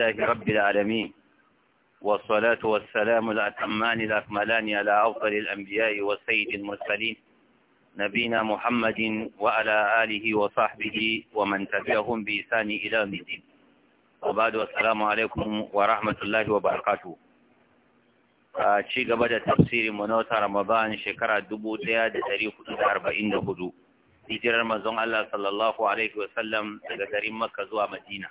لله رب العالمين والصلاة والسلام الأتمان الأكملان على أفضل الأنبياء والسيد المرسلين نبينا محمد وعلى آله وصحبه ومن تبعهم بإحسان إلى يوم الدين وبعد السلام عليكم ورحمة الله وبركاته a ci gaba da tafsirin mu na wata Ramadan shekara dubu ɗaya da ɗari hudu da arba'in da hudu hijirar mazan Allah sallallahu alaihi wasallam daga garin Makka zuwa Madina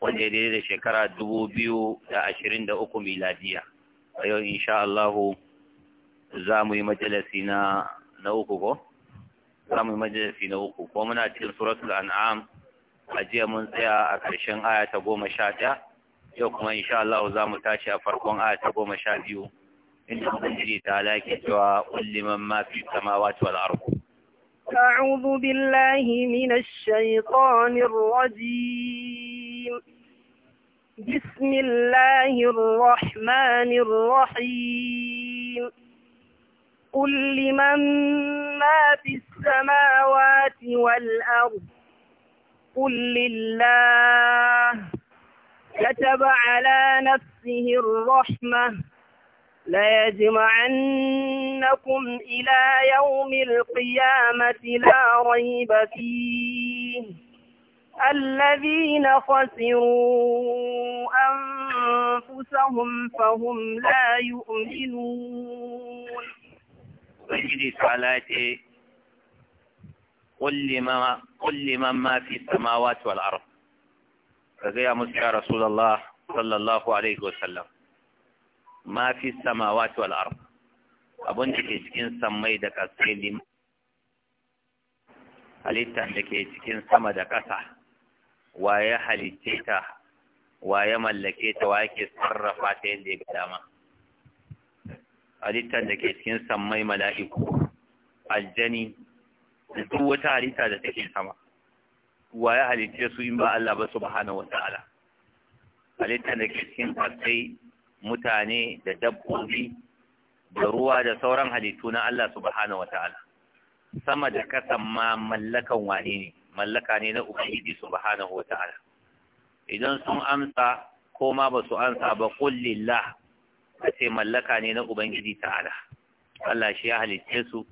wanda ya daidai da shekara dubu biyu da ashirin da uku miladiya a yau insha Allahu za mu yi majalisi na na uku ko za mu yi majalisi na uku ko muna cikin suratul an'am a jiya mun tsaya a ƙarshen aya ta goma sha ɗaya yau kuma insha Allah za mu tashi a farkon aya ta goma sha biyu inda ubangiji ta halaki cewa kulli man ma fi samawati wal ardu أعوذ بالله من الشيطان الرجيم الرجيم بسم الله الرحمن الرحيم قل لمن ما في السماوات والأرض قل لله كتب على نفسه الرحمة ليجمعنكم إلى يوم القيامة لا ريب فيه الذين خسروا أنفسهم فهم لا يؤمنون وجدي صلاتي قل لما قل لمن ما في السماوات والأرض فقيا مسيا رسول الله صلى الله عليه وسلم ما في السماوات والأرض abin da ke cikin samai da ƙasa halittar da ke cikin sama da ƙasa wa ya halicce ta wa ya mallake ta wa yake sarrafa ta yadda ya ga dama halittar da ke cikin sammai mala'iku aljani da duk wata halitta da take sama wa ya halicce su in ba Allah ba subhanahu wata'ala halittar da ke cikin kasai mutane da dabbobi da ruwa da sauran halittu na Allah subhanahu wata'ala sama da kasan ma mallakan wane ne mallaka ne na ubangiji subhanahu wata'ala idan sun amsa ko ma ba su amsa ba qul a ce mallaka ne na ubangiji ta'ala Allah shi ya halicce su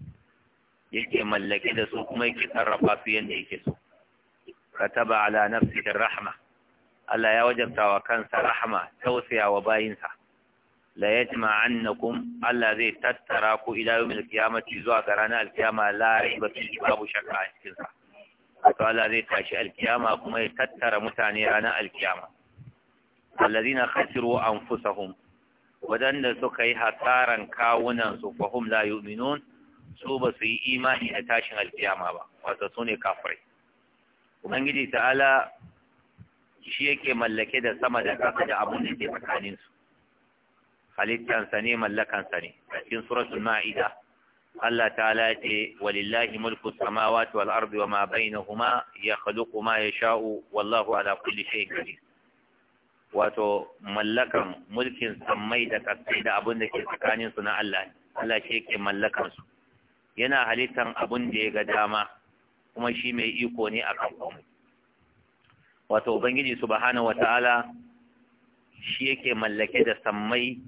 yake mallaki da su kuma yake sarrafa su yanda yake so kataba ala nafsihi rahma Allah ya wajabta wa kansa rahma tausaya wa bayinsa la yajma'annakum Allah zai tattara ku ila yawmil qiyamati zuwa ga ranar alkiyama la raiba fi babu shakka a cikin sa wato Allah zai tashi alkiyama kuma ya tattara mutane ranar alkiyama allazina khasiru anfusahum wadanda suka yi hasaran kawunan su fahum la su ba su yi imani da tashin alkiyama ba wato su ne kafirai ubangiji ta'ala shi yake mallake da sama da ƙasa da abun da ke halittansa ne mallakansa ne a cikin suratul ma'ida Allah ta'ala ce walillahi mulku samawati wal ardi wa ma bainahuma yakhluqu ya yasha'u wallahu ala kulli shay'in qadir wato mallakan mulkin samai da kasai da abin da ke tsakanin su na Allah Allah shi yake mallakan su yana halittan abin da ya ga dama kuma shi mai iko ne akan komai wato ubangiji subhanahu wataala shi yake mallake da samai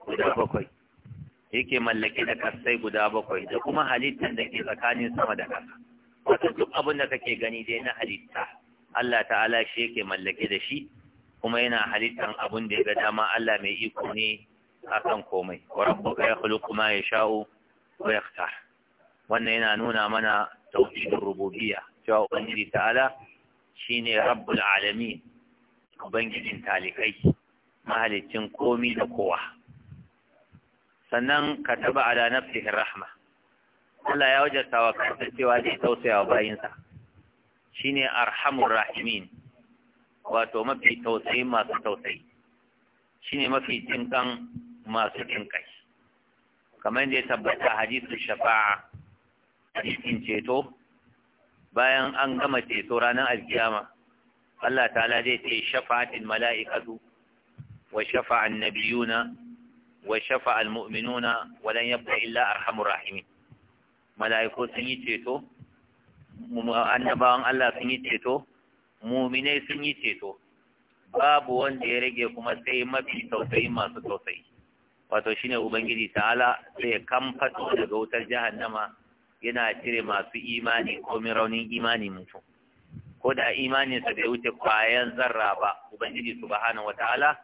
guda bakwai yake mallake da kasai guda bakwai da kuma halittar da ke tsakanin sama da ƙasa wato duk abin da kake gani dai na halitta Allah ta'ala shi yake mallake da shi kuma yana halittan abin da ya ga dama Allah mai iko ne akan komai wa rabbuka yakhluqu ma yasha'u wa yakhtar wannan yana nuna mana tauhidin rububiyya cewa ubangiji ta'ala shine rabbul alamin ubangijin talikai mahaliccin komi da kowa sannan ka taba ala nafsihi rahma Allah ya wajarta sawa kansa cewa zai tausaya wa bayinsa shine arhamur rahimin wato mafi tausayi masu tausayi shine mafi jinkan masu jinkai kamar da ya tabbata hadisu shafa'a hadisin ceto bayan an gama ceto ranar alkiyama Allah ta'ala zai ce shafa'atin mala'ikatu wa shafa'an nabiyuna wa shafa almu'minuna wa lan illa arhamur rahimin mala'iku sun yi ceto annabawan Allah sun yi ceto mu'minai sun yi ceto babu wanda ya rage kuma sai mafi tausayi masu tausayi wato shine ubangiji ta'ala sai ya kamfato daga wutar jahannama yana cire masu imani ko raunin imani mutum ko da imaninsa bai wuce kwayan zarra ba ubangiji subhanahu wataala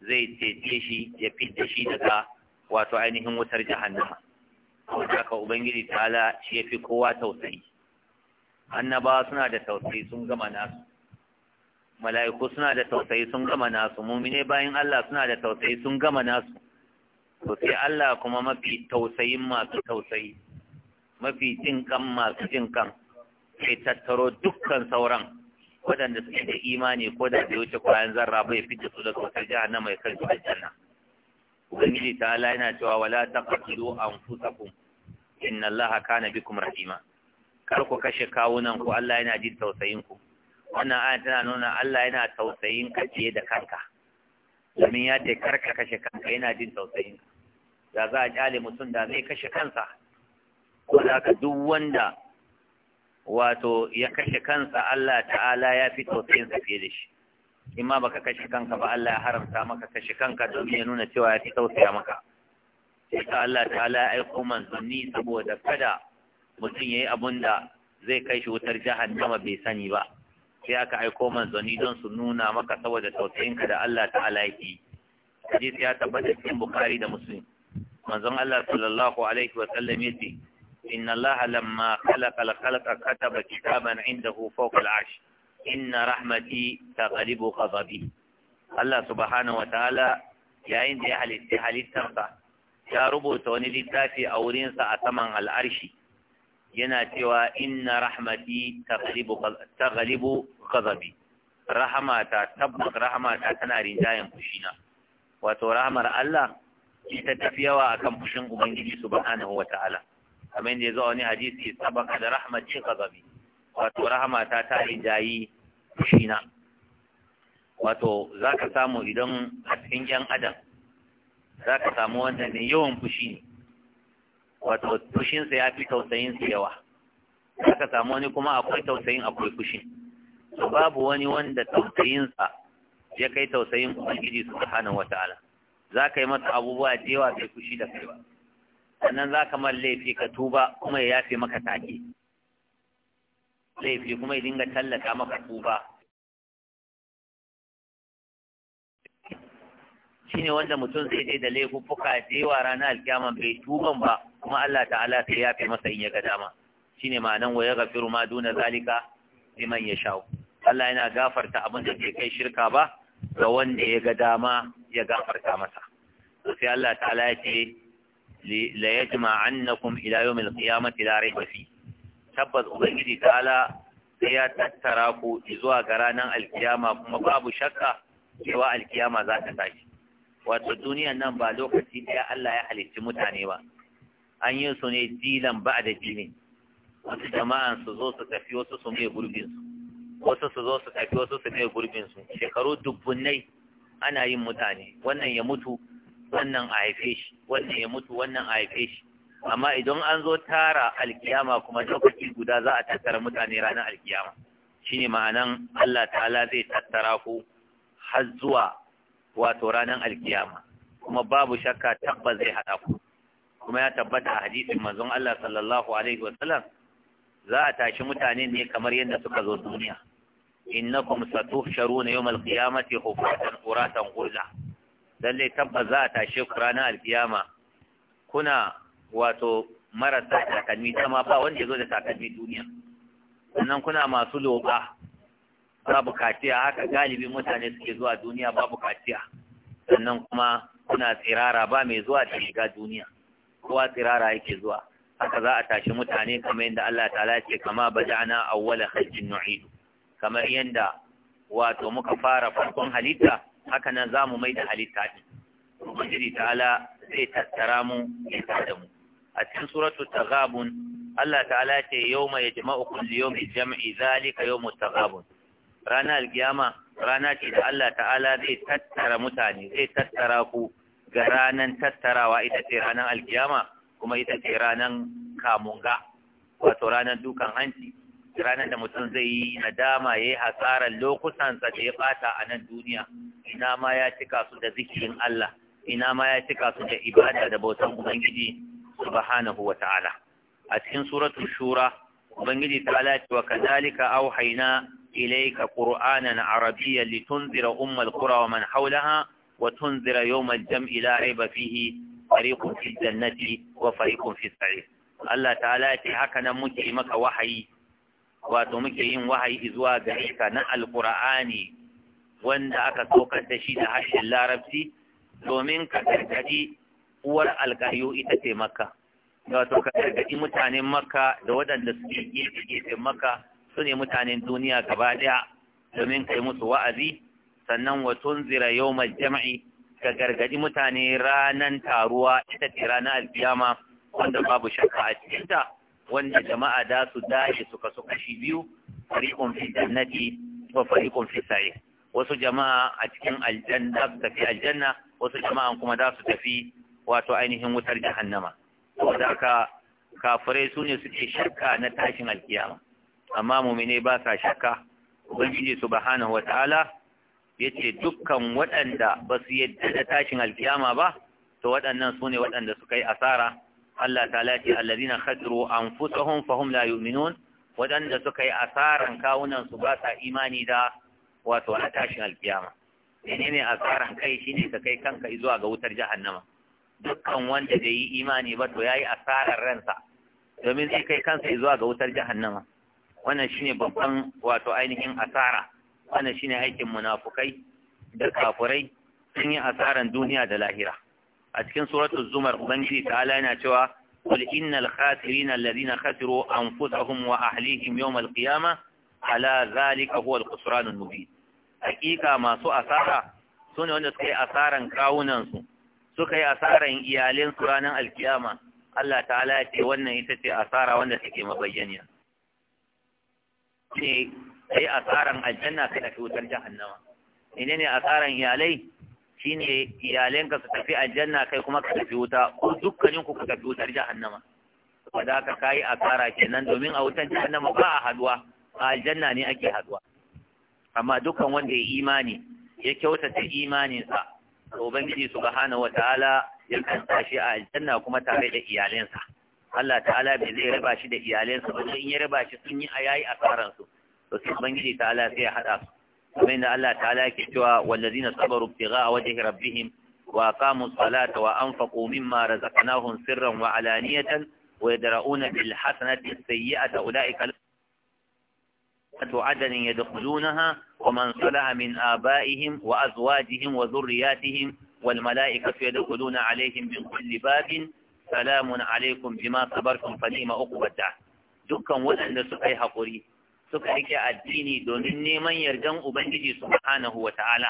zai cece shi ya fita shi daga wato ainihin wutar jahannama saboda haka ubangiji ta'ala shi fi kowa tausayi annaba suna da tausayi sun gama nasu mala'iku suna da tausayi sun gama nasu mumine bayan Allah suna da tausayi sun gama nasu to sai Allah kuma mafi tausayin masu tausayi mafi jin kan masu jin kan sai tattaro dukkan sauran waɗanda suke da imani ko da bai wuce kwayan zarra bai da su daga wata mai ya karfi aljanna ubangiji ta ala yana cewa wala ta taqtulu anfusakum inna allaha kana bikum rahima kar ku kashe kawunan ku Allah yana jin tausayin ku wannan aya tana nuna Allah yana tausayin ka fiye da kanka domin ya ce kar ka kashe kanka yana jin tausayin ka da za a kyale mutum da zai kashe kansa ko da ka duk wanda wato ya kashe kansa Allah ta'ala ya fi tausayin fiye da shi in ma baka kashe kanka ba Allah ya haramta maka kashe kanka domin ya nuna cewa ya fi tausaya maka sai ka Allah ta'ala ya aiko manzanni saboda kada mutum yayi abun da zai kai shi wutar jahannama bai sani ba sai aka aiko manzanni don su nuna maka saboda ka da Allah ta'ala yi. hadisi ya tabbata cikin Bukhari da Muslim manzon Allah sallallahu alaihi wa sallam yace إن الله لما خلق الخلق كتب كتابا عنده فوق العرش إن رحمتي تغلب غضبي الله سبحانه وتعالى يا عند أهل السحل التنفى يا ربو توني للتافي أورين سأتمن العرش يناتوا إن رحمتي تغلب تغلب غضبي رحمة تبقى رحمة تنارين جاين كشينا وتو رحمة الله تتفيوا أكم كشن أبنجي سبحانه وتعالى kamar yadda ya zo wani hadisi sabaka da rahmatin gazabi wato rahama ta rinjayi fushina wato za ka samu idan a cikin yan adam za ka samu wanda ne yawan fushi ne wato fushinsa ya fi tausayinsa yawa za ka samu wani kuma akwai tausayin akwai fushin to babu wani wanda tausayinsa ya kai tausayin su ubangiji wata wataala za ka yi masa abubuwa da yawa bai fushi da kai ba sannan za ka man laifi ka tuba kuma ya yafe maka take laifi kuma ya dinga tallata maka tuba ne wanda mutum zai dai da laifuffuka da yawa ranar alkiyama bai tuban ba kuma Allah ta'ala sai yafe masa in ya ga dama shi shine nan waya gafi ma duna zalika ya yasha Allah yana gafarta abin da ke kai shirka ba ga wanda ya ga dama ya gafarta masa sai Allah ta'ala ya ce la yajma annakum ila yawm al-qiyamati la rayba fi tabbas ubangiji tala sai ya tattara ku zuwa ga ranar alkiyama kuma babu shakka cewa alkiyama za ta tashi wato duniyan nan ba lokaci ɗaya Allah ya halicci mutane ba an yi su ne dilan ba da jini wasu jama'an su zo su tafi wasu su mai gurbinsu. wasu su zo su tafi wasu su mai shekaru dubbunai ana yin mutane wannan ya mutu wannan a haife shi wannan ya mutu wannan a haife shi amma idan an zo tara alkiyama kuma lokaci guda za a tattara mutane ranar alkiyama shine ma'anan Allah ta'ala zai tattara ku har zuwa wato ranar alkiyama kuma babu shakka tabba zai haɗa ku kuma ya tabbata a hadisin manzon Allah sallallahu alaihi wasallam za a tashi mutane ne kamar yadda suka zo duniya innakum satuhsharuna yawmal qiyamati hufatan uratan ghurla lalle tabbas za a tashe ku ranar alkiyama kuna wato marasa takalmi ma ba wanda zo da takalmi duniya sannan kuna masu loba ba kaciya haka galibin mutane suke zuwa duniya babu kaciya sannan kuma kuna tsirara ba mai zuwa da shiga duniya kowa tsirara yake zuwa haka za a tashi mutane kamar yadda Allah ta'ala kama ce kama bada'na awwala khalqin nu'idu kamar yadda wato muka fara farkon halitta haka nan za mu mai da halitta ɗin ubangiji ta'ala zai tattara mu ya tada mu a cikin suratu taghabun Allah ta'ala ce yau mai jama'u yawma yajma'ukum li yawmi jam'i zalika mu taghabun rana alkiyama rana ce da Allah ta'ala zai tattara mutane zai tattara ku ga ranan tattarawa ita ce ranan alkiyama kuma ita ce ranan kamunga wato ranan dukan hanci ranar da mutum zai yi nadama ya yi hasarar lokutansa da ya bata a nan duniya ina ma ya cika su da zikirin Allah ina ma ya cika su da ibada da bautan Ubangiji subhanahu wa ta'ala a cikin suratul shura Ubangiji ta'ala ce wa kadhalika auhayna ilayka qur'anan arabiyyan litunzira ummal qura wa man hawlaha wa tunzira yawmal jam'i la rayba fihi fariqun fi jannati wa fariqun fi sa'ir Allah ta'ala ce haka nan muke maka wahayi wato muke yin wahayi zuwa gare ka na alqur'ani wanda aka saukar da shi da harshen larabci domin ka gargadi uwar alƙaryo ita ce makka wato ka gargadi mutanen makka da waɗanda suke gefe gefe makka su ne mutanen duniya gaba ɗaya domin kai musu wa'azi sannan wa tunzira yawmal jam'i ka gargadi mutane ranan taruwa ita ce ranar alkiyama wanda babu shakka a cikinta wanda jama'a da su tashi su kasu kashi biyu fariqun fi jannati wa fariqun fi wasu jama'a a cikin aljanna su tafi aljanna wasu jama'a kuma za su tafi wato ainihin wutar jahannama saboda ka kafirai su ne suke shakka na tashin alkiyama amma mumine ba sa shakka ubangiji subhanahu wataala yace dukkan waɗanda ba su yadda da tashin alkiyama ba to waɗannan su ne waɗanda suka yi asara Allah ta lati allazina khasiru anfusahum fahum la yu'minun wadanda suka yi asarar kawunan su ba sa imani da wato a tashin alkiyama menene asarar kai shine ka kai kanka zuwa ga wutar jahannama dukkan wanda bai yi imani ba to yi asarar ransa domin zai kai kansa zuwa ga wutar jahannama wannan shine babban wato ainihin asara wannan shine aikin munafukai da kafurai sun yi asarar duniya da lahira a cikin suratul zumar ubangiji ta'ala yana cewa qul innal khasirina alladhina khasiru anfusahum wa ahlihim yawm alqiyamah ala zalika huwa alqusran mubin hakika masu asara sune wanda suka yi asaran kawunan su suka yi asaran iyalen su ranar alkiyama Allah ta'ala ya ce wannan ita ce asara wanda take mabayyaniya ne kai asaran aljanna sai da wutar jahannama ne ne asaran iyalai shine iyalanka su tafi aljanna kai kuma ka tafi wuta ko dukkanin ku ku tafi wutar jahannama saboda ka kai asara kenan domin a wutar jahannama ba a haduwa a aljanna ne ake haduwa amma dukkan wanda ya imani ya kyautata sa to ubangiji subhanahu wataala ya kan tashi a aljanna kuma tare da iyalansa Allah ta'ala bai zai raba shi da iyalansa ba in ya raba shi sun yi ayayi asaran su to sai ubangiji ta'ala sai ya hada su abin da Allah ta'ala yake cewa wallazi na sabaru tiga a wajen rabbihim wa kamu salata wa an faƙo mimma razaqnahum sirran wa alaniyatan wa yadra'una bil hasanati sayyi'ata ulaika adanin ya dukkuzunaha wa man salaha min abaihim wa azwajihim wa zurriyatihim wal mala'ikatu yadkhuluna alaihim min kulli babin salamun alaikum bima sabartum fa ni ma uqbata dukkan wanda suka yi hakuri suka rike addini domin neman yardan ubangiji subhanahu ta'ala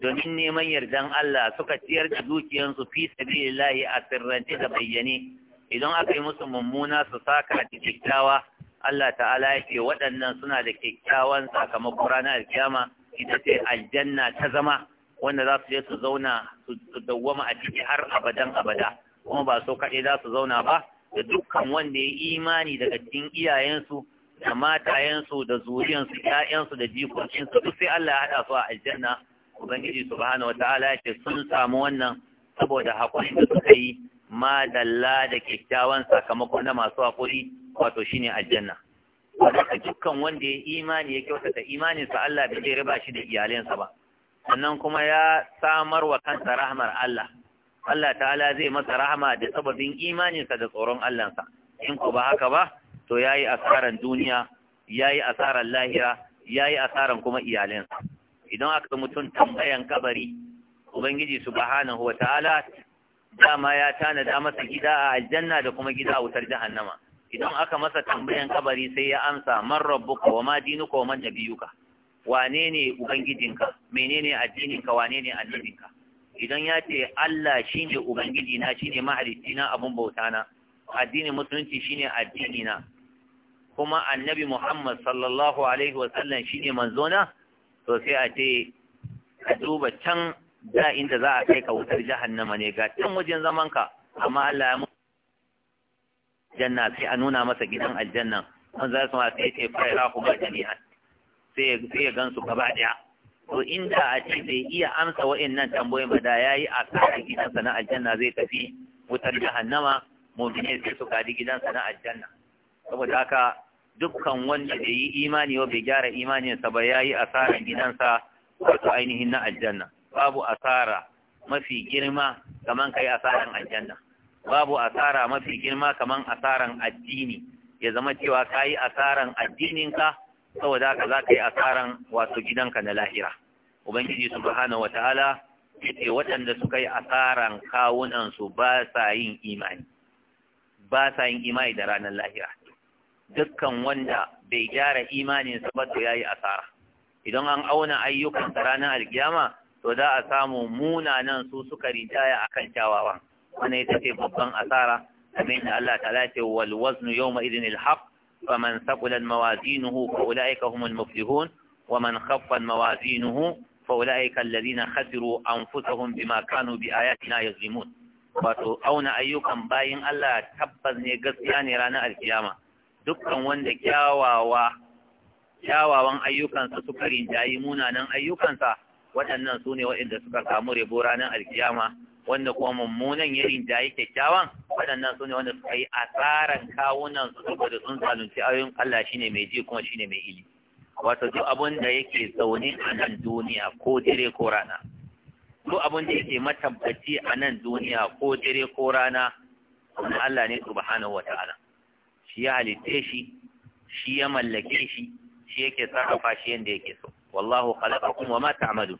domin neman yardan Allah suka ciyar da dukiyansu fi sabilillahi a sirrance da bayyane idan aka yi musu mummuna su saka da kyakkyawa Allah ta'ala ya ce waɗannan suna da kyakkyawan sakamakon ranar alkiyama ita ce aljanna ta zama wanda za su je su zauna su dawwama a ciki har abadan abada kuma ba su kaɗai za su zauna ba da dukkan wanda ya imani daga cikin iyayensu da matayensu da zuriyansu ƴaƴansu da jikokinsu duk sai Allah ya haɗa su a aljanna ubangiji subhanahu wataala yake sun samu wannan saboda haƙuri da suka yi ma dalla da kyakkyawan sakamako na masu haƙuri wato shine aljanna wadda dukkan wanda ya yi imani ya kyautata imaninsa Allah bai zai raba shi da iyalinsa ba sannan kuma ya samar wa kansa rahmar Allah Allah ta'ala zai masa rahama da sababin imaninsa da tsoron Allahnsa in ku ba haka ba to yayi asaran duniya yayi asaran lahira yayi asaran kuma iyalansa idan aka mutum tambayan kabari ubangiji subhanahu wataala dama ya tanada masa gida a aljanna da kuma gida a wutar jahannama idan aka masa tambayan kabari sai ya amsa man rabbuka wa ma dinuka wa man nabiyuka wane ne ubangijinka menene addininka wane ne annabinka idan ya ce Allah shine ubangiji na shine mahalicci na abun bauta na addinin musulunci shine addini na kuma annabi Muhammad sallallahu alaihi wasallam ne manzona to sai a ce a duba can da inda za a kai ka wutar jahannama ne ga can wajen zaman ka amma Allah ya mu janna sai a nuna masa gidan aljanna an za su ma sai ce fa rahu ku jami'an sai sai ya gansu gaba daya to inda a ce bai iya amsa wa'annan tambayoyin ba da yayi a kan gidansa na aljanna zai tafi wutar jahannama mu ne sai su gadi gidansa na aljanna saboda haka dukkan wanda bai yi imani wa bai gyara imaninsa ba yayi asarar gidansa wato ainihin na aljanna babu asara mafi girma kaman kai asaran aljanna babu asara mafi girma kaman asaran addini ya zama cewa kayi asaran addininka saboda haka za ka yi asaran wato gidanka na lahira ubangiji subhanahu wataala yace waɗanda suka yi asaran kawunansu ba sa yin imani ba sa yin imani da ranar lahira dukkan wanda bai gyara imaninsa ba to yayi asara idan an auna ayyukan ranar alkiyama to za a samu munanan su suka rinjaya akan kyawawan wannan ita ce babban asara kamar da Allah ta ce wal waznu yawma idin al haqq man thaqulat mawazinuhu fa ulaika humul muflihun ومن خفت موازينه فأولئك الذين خسروا أنفسهم بما كانوا بآياتنا يظلمون wato auna ayyukan bayin Allah tabbas ne gaskiya ne ranar alkiyama dukkan wanda kyawawa kyawawan ayyukansa suka rinjayi munanan ayyukansa waɗannan su ne waɗanda suka samu rebo ranar alkiyama wanda kuma mummunan ya rinjayi kyakkyawan waɗannan su ne wanda suka yi asaran kawunan su da sun salunci, ayoyin Allah shine mai ji kuma shine mai ili wato duk abin da yake zaune a nan duniya ko dire ko rana duk abin da yake matabbaci a nan duniya ko dire ko rana Allah ne subhanahu wa ta'ala shi ya halitte shi shi ya mallake shi shi yake sarrafa shi yanda yake so wallahu khalaqakum wama ta'malun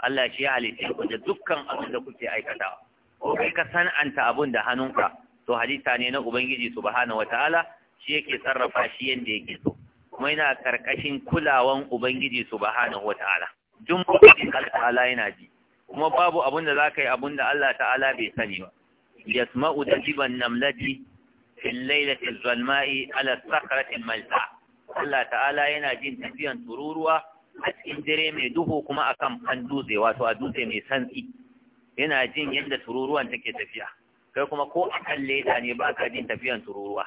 Allah shi ya halitte ku da dukkan abin da kuke aikatawa ko kai ka san'anta abun da hannunka to halitta ne na ubangiji subhanahu wataala shi yake sarrafa shi yanda yake so kuma yana karkashin kulawan ubangiji subhanahu wataala duk mutum Allah ta'ala yana ji kuma babu abun da zaka yi abun da Allah ta'ala bai sani ba yasma'u da dajiban namlati في الليلة الظلماء على الصخرة الملتع Allah ta'ala yana jin tafiyan tururuwa a cikin dare mai duhu kuma akan kan dutse a dutse mai santsi yana jin yadda tururuwan take tafiya kai kuma ko akan leda ne ba ka jin tafiyan tururuwa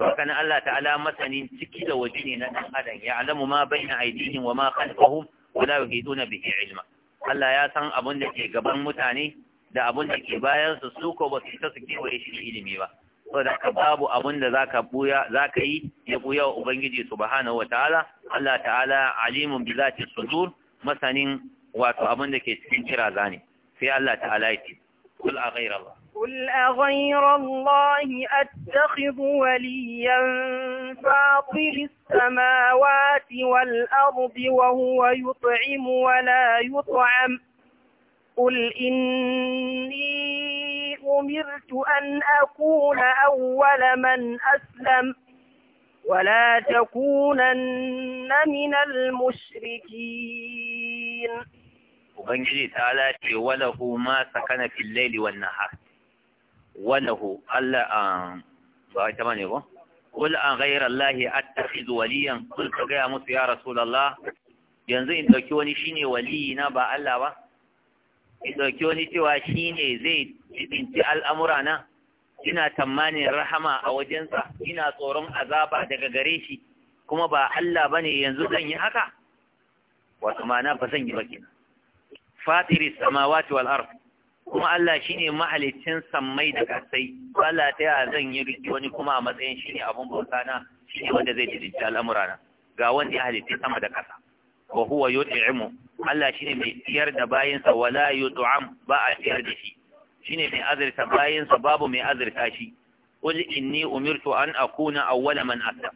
to Allah ta'ala masanin ciki da waje ne na dan adam ya alamu ma baina aydihim wa ma khalfahum wa la yuhituna bihi ilma Allah ya san abun da ke gaban mutane da abun da ke bayan su su ko ba ta su kewaye shi ilimi ba saboda ka babu abin da zaka buya zaka yi ya buya wa ubangiji subhanahu wataala Allah ta'ala alimun bi zati sudur masanin wato abin da ke cikin kira zane sai Allah ta'ala ya ce kul a ghayra Allah kul a ghayra Allah attakhidhu waliyan fatir as-samawati wal ardi wa huwa yut'im wa la yut'am قل إني أمرت أن أكون أول من أسلم ولا تكونن من المشركين Ubangiji ta'ala ce walahu ma sakana fil laili wan nahar walahu Allah an um, ba ta bane ba qul an ghayra allahi attakhidhu waliyan qul ka ga musu ya rasulullah yanzu in dauki wani shine waliyi na ba Allah ba ya ɗauki wani cewa shi ne zai jibinci al'amura na ina tsammanin rahama a wajensa ina tsoron azaba daga gare shi kuma ba Allah ba ne yanzu zan yi haka wasu na ba zan yi ba fatiri samawati wal’ar, kuma Allah shi ne mahalicin sammai da kasai Allah ta a zan yi riki wani kuma a matsayin shi ne abin bauta na shi ne wanda zai jidinci al'amura na ga wani ya sama da kasa wa huwa yut'imu Allah shine mai ciyar da bayinsa wala yut'am ba a ciyar da shi shine mai azurta bayinsa babu mai azurta shi qul inni umirtu an akuna awwala man aslam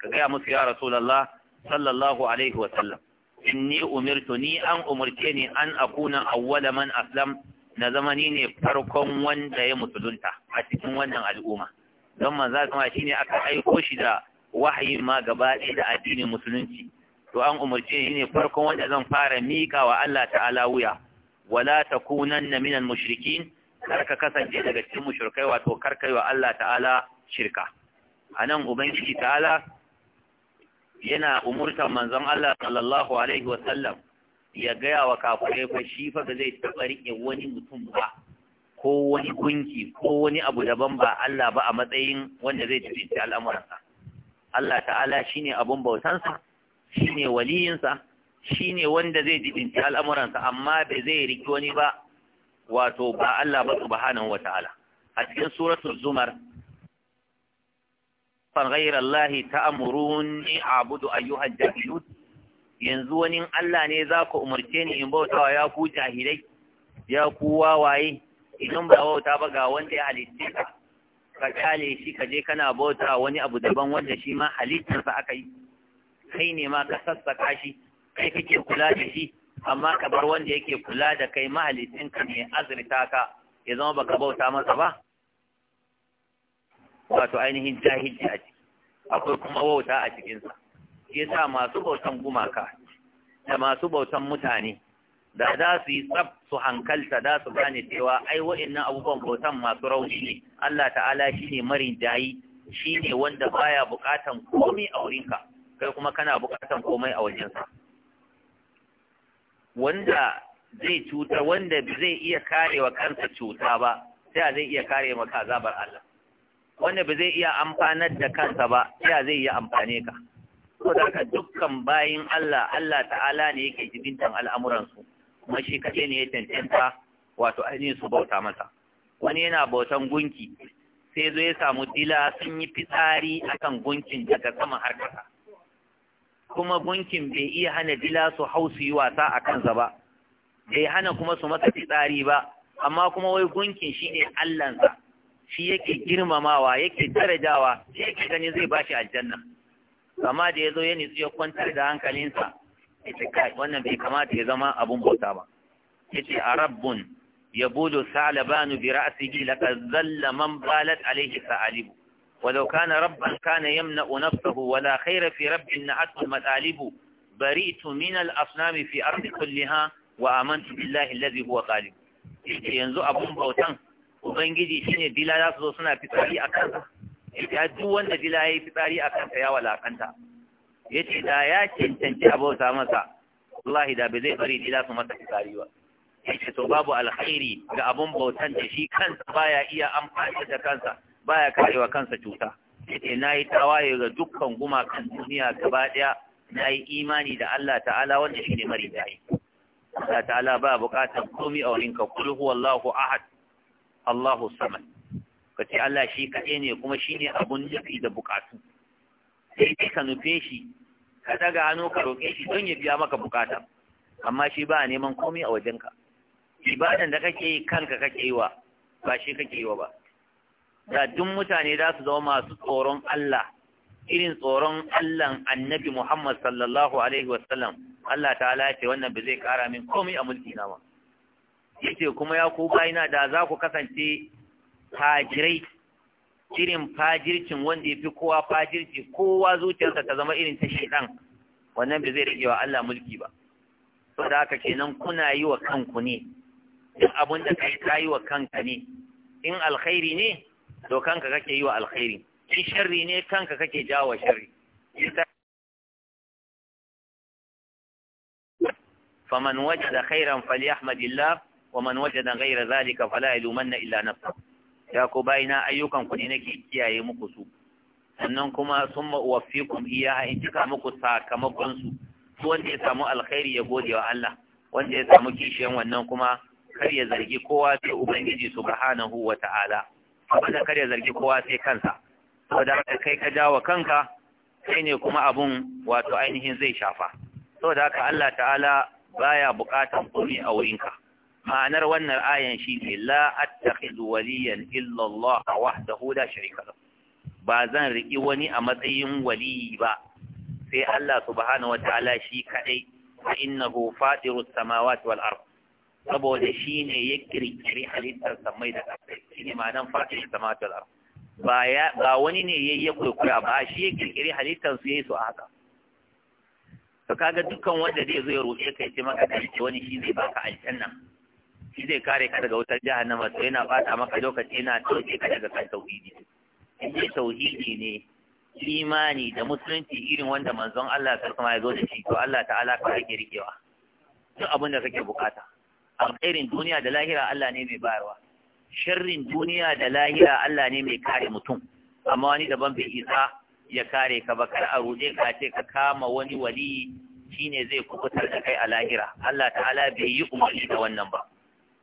ka gaya musu ya rasulullah sallallahu alaihi wa sallam inni umirtu ni an umurce ni an akuna awwala man aslam na zamani ne farkon wanda ya musulunta a cikin wannan al'umma don manzo kuma shine aka aiko shi da wahayi ma gaba da addinin musulunci to an umarce ni ne farkon wanda zan fara miƙa wa Allah ta'ala wuya wala takunanna minal mushrikin kar ka kasance daga cikin mushrikai wato karka yi wa Allah ta'ala shirka anan ubangiji ta'ala yana umurtar manzon Allah sallallahu alaihi ya gaya wa kafirai fa shi fa ba zai taɓa riƙe wani mutum ba ko wani gunki ko wani abu daban ba Allah ba a matsayin wanda zai tafi al'amuransa Allah ta'ala shine abun bautansa shine waliyinsa shine wanda zai jibinci al'amuransa amma bai zai riki wani ba wato ba Allah ba subhanahu wata'ala a cikin suratul zumar fan ghayra Allah ta'muruni a'budu ayyuha jahilun yanzu wani Allah ne za ku umarce ni in bautawa ya ku jahilai ya ku wawaye idan ba bauta ba ga wanda ya halitta ka kale shi ka je kana bauta wani abu daban wanda shi ma halittarsa aka yi kai ne ma ka sassaka shi kai kake kula da shi amma ka bar wanda yake kula da kai mahalicinka ne azurta ka ya zama baka bauta masa ba wato ainihin jahilci a ciki akwai kuma wauta a cikinsa shi yasa masu bautan gumaka da masu bautan mutane da za su yi tsab su hankalta da su gane cewa ai wa'annan abubuwan bautan masu rauni ne Allah ta'ala shi ne marin shi ne wanda baya bukatan komi a wurinka kai kuma kana buƙatar komai a wajensa wanda zai cuta wanda zai iya kare wa kansa cuta ba sai zai iya kare maka azabar Allah wanda ba zai iya amfanar da kansa ba sai zai iya amfane ka ko da ka dukkan bayin Allah Allah ta'ala ne yake jibintan al'amuransu kuma shi kaɗai ne ya tantanta wato ainihin su bauta masa wani yana bautan gunki sai zo ya samu dila sun yi fitsari akan gunkin daga sama har kuma gunkin bai iya hana dila su hau su yi wasa a kansa ba bai hana kuma su masa fitsari ba amma kuma wai gunkin shi ne allansa shi yake girmamawa yake darajawa shi yake gani zai ba shi aljanna amma da ya zo ya nitsu ya kwantar da hankalinsa ya ce kai wannan bai kamata ya zama abun bauta ba ya ce a rabbun ya budu salabanu bi ra'asihi laqad zalla man balat alaihi sa'alibu ولو كان ربا كان يمنأ نفسه ولا خير في رب نعته المثالب بريت من الأصنام في أرض كلها وآمنت بالله الذي هو غالب yanzu abun bautan ubangiji shine dila za su zo suna fitsari a kansa ya duk wanda dila ya yi fitsari a kansa ya walakanta ya ce da ya cancanci a bauta masa wallahi da bai zai bari dila su masa ba ya ce to babu alkhairi ga abun bautar da shi kansa ya iya amfani da kansa baya karewa kansa cuta yace yi tawaye ga dukkan gumakan duniya gaba daya yi imani da Allah ta'ala wanda shi ne mari dai Allah ta'ala ba bukatar komai a wurinka kul huwallahu ahad Allahu samad kace Allah shi kaɗai ne kuma shi ne abun nufi da bukatu sai ka nufe shi ka daga hannu ka roƙe shi don ya biya maka bukata amma shi ba neman komai a wajenka ibadan da kake yi kanka kake yi ba shi kake yi wa ba da duk mutane za su zama masu tsoron Allah irin tsoron Allah annabi Muhammad sallallahu alaihi wasallam Allah ta'ala ya ce wannan ba zai kara min komai a mulki na ba yace kuma ya ku bayina da za ku kasance fajirai irin fajircin wanda yafi kowa fajirci kowa zuciyarsa ta zama irin ta shedan wannan ba zai rage wa Allah mulki ba saboda haka kenan kuna yi wa kanku ne duk abin da kai kayi wa kanka ne in alkhairi ne to kanka kake yi wa alkhairi in sharri ne kanka kake jawo sharri faman wajada khairan falyahmadillah wa man wajada ghayra zalika fala ilumanna illa na ya ku bayina ayyukan ku ne nake kiyaye muku su sannan kuma summa uwaffikum iyaha in cika muku sakamakon su su wanda ya samu alkhairi ya gode wa Allah wanda ya samu kishiyan wannan kuma kar ya zargi kowa sai ubangiji subhanahu wa ta'ala abinda kada ya zargi kowa sai kansa saboda haka kai ka jawo kanka sai ne kuma abun wato ainihin zai shafa saboda haka Allah ta'ala baya buƙatan komai a wurinka ma'anar wannan ayan shi ne la attakhidhu waliyan illa Allah wahdahu la sharika lahu ba zan riki wani a matsayin waliyi ba sai Allah subhanahu wataala shi kadai fa innahu fatiru samawati wal ard saboda shi ne ya kirkiri halittar samai da ƙasai shi ne ma'anan fatin samatul ar ba wani ne ya yi kwaikwaya ba shi ya kirkiri halittar su ya yi su a haka to kaga dukkan wanda zai zo ya roƙe ka ce maka kace wani shi zai baka aljanna shi zai kare ka daga wutar na masu yana bata maka lokaci yana tauke ka daga kan tauhidi in tauhidi ne imani da musulunci irin wanda manzon Allah sarkama ya zo da shi to Allah ta'ala ka rike rikewa duk abin da kake bukata alkhairin duniya da lahira Allah ne mai bayarwa sharrin duniya da lahira Allah ne mai kare mutum amma wani daban bai isa ya kare ka ba kar a ruje ka ce ka kama wani wali shine zai kubutar da kai a lahira Allah ta'ala bai yi umarni da wannan ba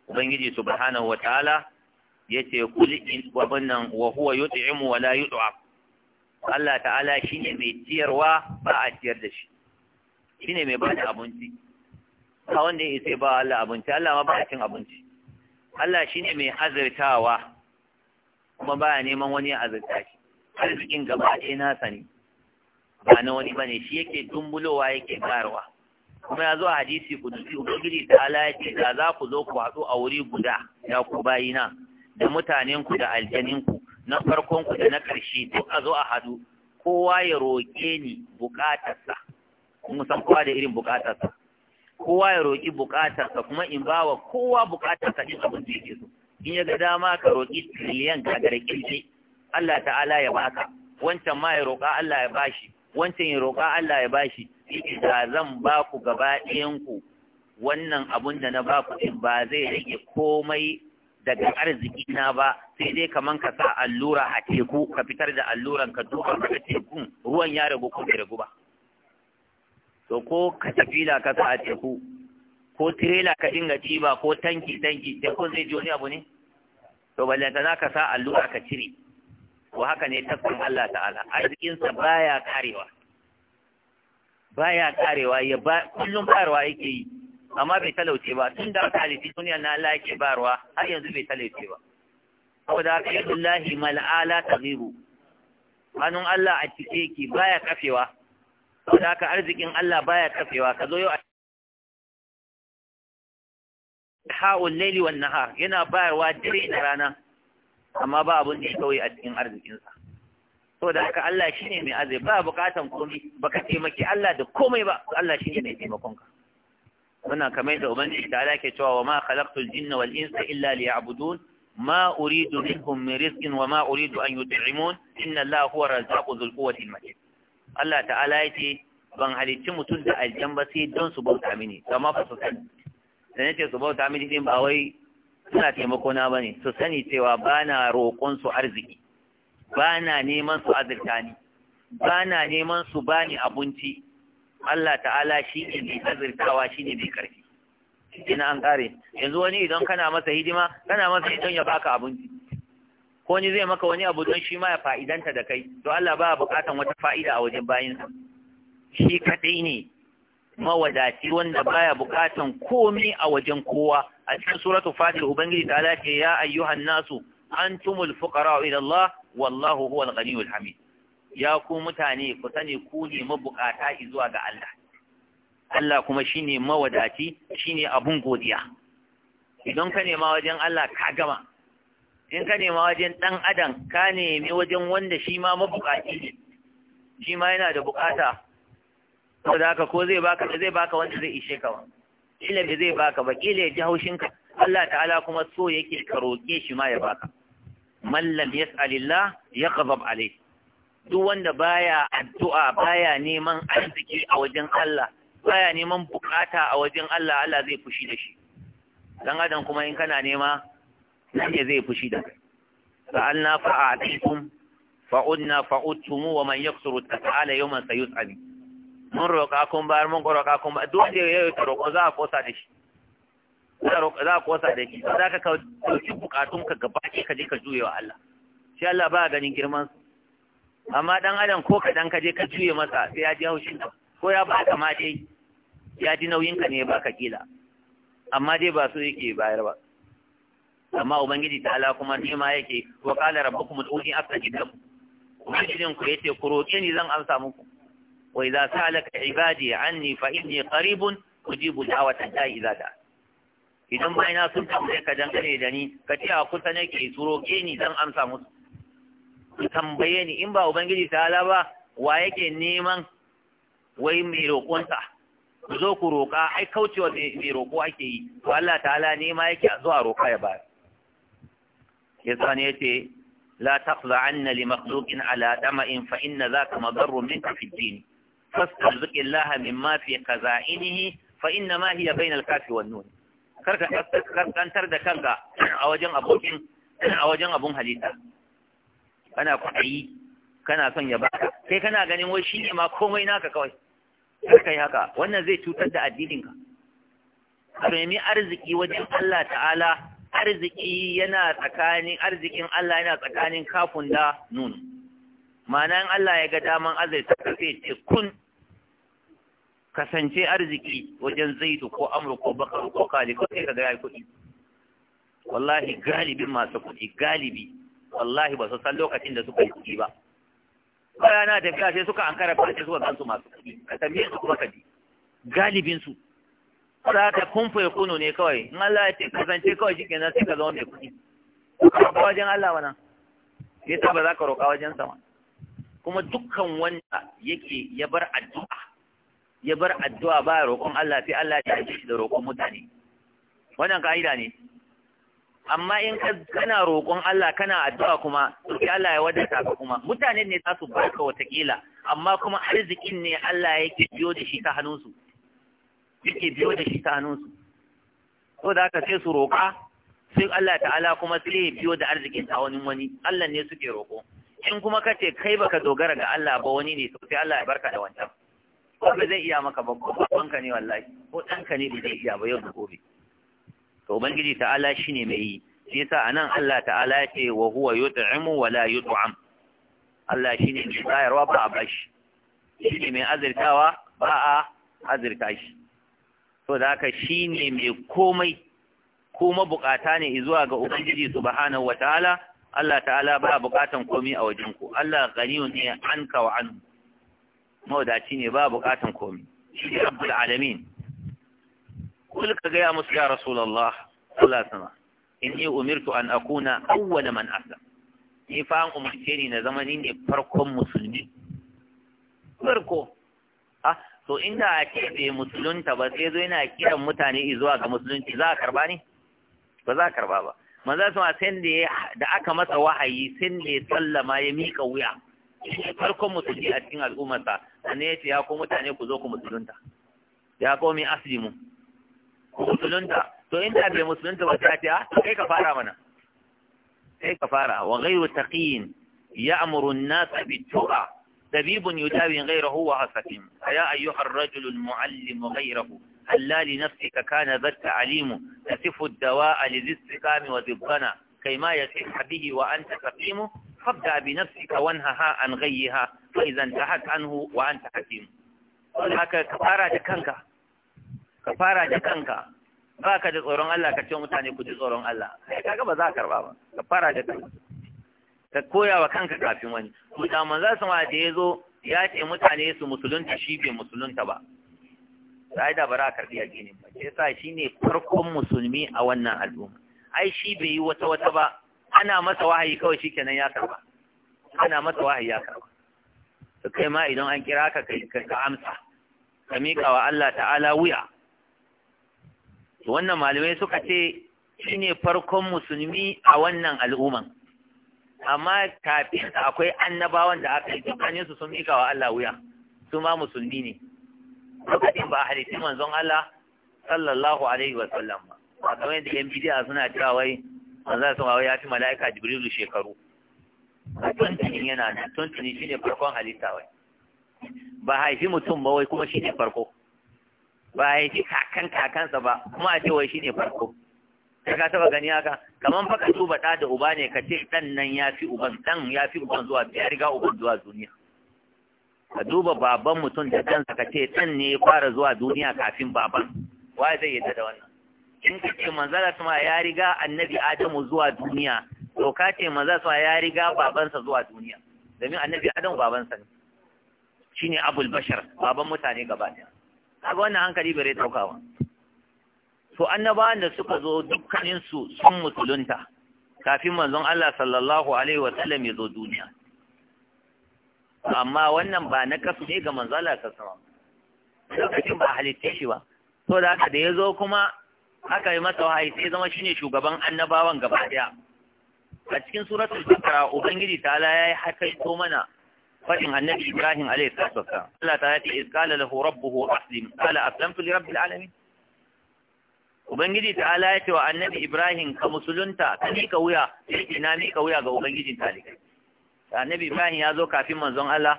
ubangiji subhanahu wataala yace kul in wa bannan wa huwa yut'imu wa la yut'am Allah ta'ala shine mai ciyarwa ba a ciyar da shi shine mai bada abinci A wanda ya isa ba Allah abinci Allah ma ba cin abinci Allah shi ne mai azirtawa, kuma ba ya neman wani ya azirta shi arzikin gaba ɗaya nasa ne ba na wani bane shi yake dumbulowa yake bayarwa kuma ya zo a hadisi kudusi ubangiji ta ala ya ce da za ku zo ku haɗu a wuri guda ya ku bayina da mutanenku da aljaninku na farkonku da na ƙarshe to a zo a haɗu kowa ya roƙe ni buƙatarsa kuma san kowa da irin buƙatarsa kowa ya roƙi buƙatarsa kuma in ba wa kowa buƙatarsa ɗin abin da yake so in ya ga dama ka roƙi tiliyan ka da rikice Allah ta'ala ya baka wancan ma ya roƙa Allah ya bashi wancan ya roƙa Allah ya bashi da zan ba ku gaba ɗayan ku wannan abun da na ba ku ɗin ba zai rage komai daga arziki na ba sai dai kaman ka sa allura a teku ka fitar da alluran ka duka ka tekun ruwan ya ragu ko bai ragu ba to ko ka tafila ka sa a teku ko tirela ka dinga tiba, ko tanki tanki teku zai ji wani abu ne to za ka sa allura ka cire Ko haka ne tafin Allah ta'ala arzikinsa baya karewa baya karewa ya ba kullum karewa yake yi amma bai talauce ba tun da aka halitti duniya na Allah yake barwa har yanzu bai talauce ba saboda haka yadullahi mal'ala taziru hannun Allah a cike yake baya kafewa saboda haka arzikin Allah baya kafewa ka zo yau a ha'ul laili wa nahar yana bayarwa dare da rana amma ba abun da ya kawai a cikin arzikinsa saboda haka Allah shi ne mai azai ba bukatan komai ka taimaki Allah da komai ba Allah ne mai taimakon ka wannan kamar yadda ubangiji ta ala ke cewa wa ma khalaqtul jinna wal insa illa liya'budun ما أريد منهم من رزق وما أريد أن يدعمون إن الله هو الرزاق ذو القوة المتين Allah ta'ala ya ce ban halicci mutum da aljan ba sai don su bauta mini kama fa su sani da ce su bauta mini din ba wai suna taimako na bane su sani cewa bana roƙon su arziki bana neman su azurta ni bana neman su bani abinci Allah ta'ala shi ne mai azurtawa shi ne mai karfi ina an kare yanzu wani idan kana masa hidima kana masa idan ya baka abinci ko wani zai maka wani abu don shi ma ya fa'idanta da kai to Allah ba buƙatan wata fa'ida a wajen bayansa. shi kadai ne mawadaci wanda baya buƙatan komai a wajen kowa a cikin suratul fatir ubangiji ta ce ya ayyuhan nasu antumul fuqara ila Allah wallahu huwal ghaniyul hamid ya ku mutane ku sani ku ne mabukata zuwa ga Allah Allah kuma shine mawadaci shine abun godiya idan ka nema wajen Allah ka gama in ka nema wajen ɗan adam ka nemi wajen wanda shi ma mabukaci ne shi ma yana da buƙata. ko da haka ko zai baka zai baka wanda zai ishe ka ba kila bai zai baka ba kila ya ji haushin ka Allah ta'ala kuma so yake ka roƙe shi ma ya baka man lam yas'alillah yaghdab alayhi duk wanda baya addu'a baya neman arziki a wajen Allah baya neman bukata a wajen Allah Allah zai fushi da shi dan adam kuma in kana nema nan ne zai fushi da kai sa'alna fa'atikum fa fa'udtumu wa man yaksuru ta'ala yawman sayus'abi mun roƙa kun bayar mun roƙa kun bayar duk da yayi roƙo za a kosa da shi za a kosa da shi za ka dauki bukatun ka gaba ka je ka juye wa Allah shi Allah ba ganin girman su amma dan adam ko ka dan ka je ka juye masa sai ya ji haushi ko ya ba ka ma dai ya ji nauyin ka ne ba ka kila amma dai ba su yake bayar ba amma ubangiji ta ala kuma nema yake wa qala rabbukum ud'uni astajib lakum ubangijin ku yace ku roke ni zan amsa muku wa idza salaka ibadi anni fa inni qaribun ujibu da'wata da'i idza da idan na sun tambaye ka dangane da ni ka ce a kusa nake su roke ni zan amsa musu ku tambaye ni in ba ubangiji ta ala ba wa yake neman wai mai roƙonsa ku zo ku roƙa ai kaucewa mai roƙo ake yi to Allah ta'ala ma yake a zuwa roƙa ya bayar yasa ne yace la takhza'anna li makhluqin ala dama'in fa inna zaka madarrun minka fi din fastaghfir Allah mimma fi khaza'inihi fa inna ma hiya bainal kafi wan nun karka kaskantar da kanka a wajen abokin a wajen abun halitta kana kwayi kana son ya baka sai kana ganin wai shi ne ma komai naka kawai karka yi haka wannan zai cutar da addininka ka nemi arziki wajen Allah ta'ala arziki yana tsakanin arzikin Allah yana tsakanin kafin da nun ma'ana in Allah ya ga daman azai ta sai ce kun kasance arziki wajen zaitu ko amru ko bakar ko kali ko sai ka yayi kuɗi wallahi galibin masu kuɗi galibi wallahi ba su san lokacin da suka yi kuɗi ba yana tafiya sai suka ankara face suka gansu masu kuɗi ka tambaye su kuma ka ji galibin su za ka kunfu ya kunu ne kawai in Allah ya ce kasance kawai shi kenan sai ka zama mai kuɗi roƙa wajen Allah wannan sai ta ba za ka roƙa wajen sama kuma dukkan wanda yake ya bar addu'a ya bar addu'a ba roƙon Allah sai Allah ya ajiye shi da roƙon mutane wannan ka'ida ne amma in ka kana roƙon Allah kana addu'a kuma sai Allah ya wadata ka kuma mutane ne za su barka wata amma kuma arzikin ne Allah yake biyo da shi ta hannunsu su suke biyo da shi ta hannunsu So da aka sai su roƙa sai Allah ta'ala kuma sai ya biyo da arzikin ta wani wani Allah ne suke roƙo in kuma ka ce kai baka dogara ga Allah ba wani ne sai Allah ya barka da wancan ko ba zai iya maka ba ko babanka ne wallahi ko ka ne zai iya ba yau da gobe to ubangiji ta'ala shine mai yi shi yasa anan Allah ta'ala ya ce wa huwa yut'imu wa la yut'am Allah shine mai tsayarwa ba a bashi shine mai azirtawa ba a azirta shi to da haka shine mai komai kuma bukata ne zuwa ga ubangiji subhanahu wataala Allah ta'ala ba bukatan komai a wajen ku Allah ghaniyun ne an wa an mawdaci ne ba bukatan komai shi rabbul alamin kul Kulka gaya ya musu ya rasulullah sallallahu alaihi wasallam inni umirtu an akuna awwala man aslam ni fa an umarce ni na zama ni ne farkon musulmi farko to inda a ce bai musulunta ba sai zo yana kiran mutane zuwa ga musulunci za a karba ne ba za a karba ba manzo sama sai da da aka masa wahayi sai da ya sallama ya mika wuya farkon musulmi a cikin al'ummarsa sannan ya ce ya ko mutane ku zo ku musulunta ya ko mi aslimu ku musulunta to inda bai musulunta ba sai ta ah, kai ka fara mana kai ka fara wa ghayru taqiyin ya'muru an-nas bit طبيب يداوي غيره وعصف فيا أيها الرجل المعلم غيره هلا لنفسك كان ذا التعليم تصف الدواء لذي السقام وذبنا كيما يصح به وأنت سقيم فابدأ بنفسك وانهها عن غيها فإذا انتهت عنه وأنت حكيم haka ka fara da kanka ka fara da kanka ba ka da tsoron Allah ka ce mutane ku ji tsoron Allah kaga ba za ka karba ba ka fara da kanka ka koya wa kanka kafin wani kuta manzo sama da yazo ya ce mutane su musulunta shi bai musulunta ba sai da bara karbi addinin ba sai sa shine farkon musulmi a wannan al'umma ai shi bai yi wata wata ba ana masa wahayi kawai shikenan ya karba ana masa wahayi ya karba to kai ma idan an kira ka kai ka amsa ka mika wa Allah ta'ala wuya to wannan malamai suka ce shine farkon musulmi a wannan al'umman amma kafin akwai annabawan da aka yi dukkaninsu sun mika wa Allah wuya su ma musulmi ne lokacin ba halittun manzon Allah sallallahu alaihi wa sallam ba kamar yadda yan bidiya suna cewa wai manzon sun ya fi mala'ika jibrilu shekaru a tuntunin yana nan tuntuni ne farkon halitta wai ba haifi mutum ba wai kuma shi ne farko ba haifi kakan kakansa ba kuma a ce wai shi ne farko da ka taba gani haka kaman fa ka tuba da da uba ne ka ce dan nan yafi uban dan yafi uban zuwa ya riga uban zuwa duniya ka duba baban mutum da dan ka ce dan ne ya fara zuwa duniya kafin baban wa zai yadda da wannan in ka ce manzala kuma ya riga annabi adamu zuwa duniya to ka ce manzala kuma ya riga babansa zuwa duniya domin annabi adamu babansa ne shine abul bashar baban mutane gaba ɗaya kaga wannan hankali bai rai daukawa to annabawan da suka zo dukkaninsu sun musulunta kafin manzon Allah sallallahu alaihi wa sallam ya zo duniya amma wannan ba na kasu ne ga manzon Allah sallallahu lokacin ba halitta shi ba to da haka da ya zo kuma aka yi masa wahayi sai zama shine shugaban annabawan gaba daya a cikin suratul bakara ubangiji ta ala yayi to mana faɗin annabi Ibrahim alaihi salatu Allah ta yi iskala lahu rabbuhu aslim qala aslamtu li rabbil alamin ubangiji ta ala ya ce wa annabi ibrahim ka musulunta ka mika wuya yake na mika wuya ga ubangijin talibai annabi ibrahim ya zo kafin manzon allah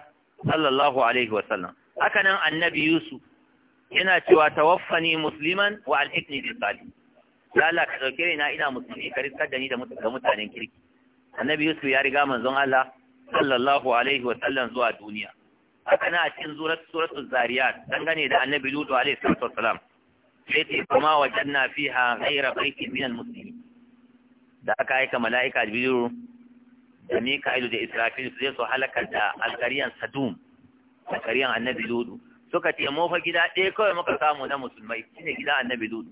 sallallahu alaihi wa sallam haka nan annabi yusuf yana cewa tawaffani musliman wa alhikni da salih ya ka dauke ni na ina musulmi ka riskar da ni da mutanen kirki annabi yusuf ya riga manzon Allah sallallahu alaihi wa sallam zuwa duniya haka na a cikin suratun zariyat dangane da annabi lutu alaihi salatu sai kuma wajanna fiha ghayra baitin min almuslimin da aka aika mala'ika biyu da Mika'ilu da Israfil su zai su halakar da alkariyan Sadum alkariyan Annabi Ludu suka ce mu fa gida ɗaya kawai muka samu na musulmai shine gida Annabi Ludu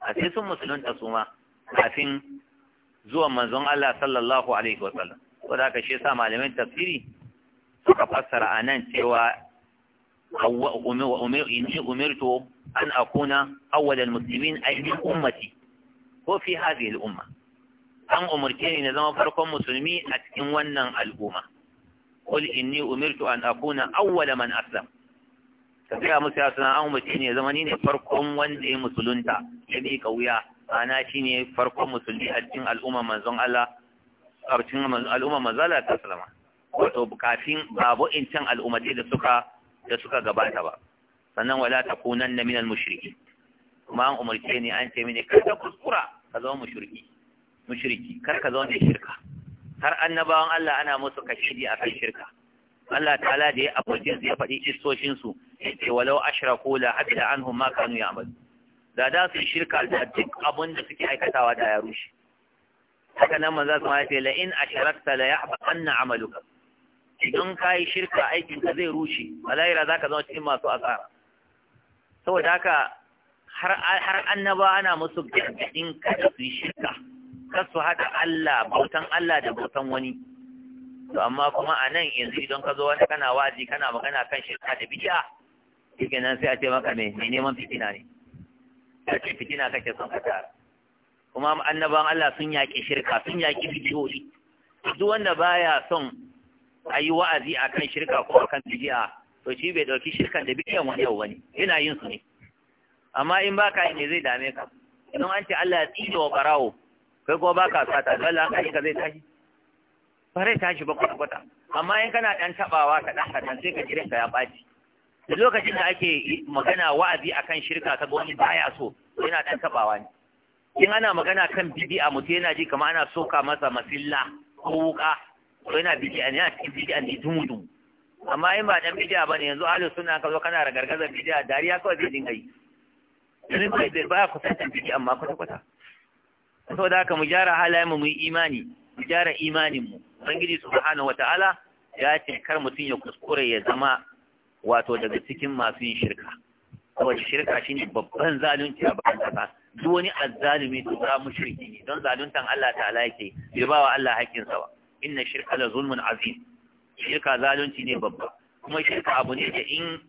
a sai sun musulun su ma kafin zuwan manzon Allah sallallahu alaihi wa sallam da aka shi sa malamin tafsiri suka fassara anan cewa umir umir umirtu an akuna awwalal muslimin ay min ummati ko fi hadhihi al-umma an umurce ni na zama farkon musulmi a cikin wannan al'umma qul inni umirtu an akuna awwala man aslam ka gaya musu an umarci ne zama ni ne farkon wanda ya musulunta ya bi kauya ana shi ne farkon musulmi a cikin al'umma manzon Allah a cikin ta salama wato kafin babu da suka gabata ba sannan wala takunanna min minan mushrikin kuma an umarce ni an ce mini kar ka kuskura ka zama mushriki mushriki kar ka zama shirka har annabawan Allah ana musu kashidi akan shirka Allah ta'ala da ya abuce ya faɗi istoshin su ce walau ashraku la habila anhum ma kanu ya'malu da da su shirka da duk abin da suke aikatawa da ya rushe haka nan manzo kuma ya ce la in ashrakta la yahbatanna 'amaluka idan kai shirka aikin ka zai rushe a lahira zaka zama cikin masu asara saboda haka har annaba ana musu gargaɗin kada su yi shirka kar su haɗa Allah bautan Allah da bautan wani to amma kuma a nan yanzu idan ka zo wani kana wazi kana magana kan shirka da bid'a shike nan sai a ce maka mai "Mai neman fitina ne ka ce fitina kake son ka tara kuma annaban Allah sun yaƙi shirka sun yaƙi bidiyoyi duk wanda baya son a yi wa'azi akan shirka ko akan bid'a to shi bai dauki shirkan da bidiyan wani yau wani yana yin su ne amma in baka yi ne zai dame ka idan an ce Allah ya tsine wa barawo kai ko baka sata Allah an kai ka zai tashi ba zai tashi ba kwata kwata amma in kana dan tabawa ka dan hadan sai ka jira ka ya baci da lokacin da ake magana wa'azi akan shirka ga wani baya so yana dan tabawa ne in ana magana kan bid'a mutum yana ji kamar ana soka masa masilla ko wuka ko yana bid'a ne yana cikin bid'a ne dumu dumu amma in ba dan ba ne yanzu ahlus suna ka zo kana ragargazar bid'a dariya kawai zai dinga yi irin bai bai ba ku tantan bid'a amma kwata kwata da haka mu gyara halayen mu mu imani mu gyara imanin mu ubangiji subhanahu wataala ya ce kar mutum ya kuskure ya zama wato daga cikin masu yin shirka saboda shirka shine babban zalunci a bakin kasa duk wani azzalumi to za mu shirki ne don zaluntan Allah ta'ala yake bai ba wa Allah haƙƙinsa ba inna shirka la zulmun azim shirka zalunci ne babba kuma shirka abu ne da in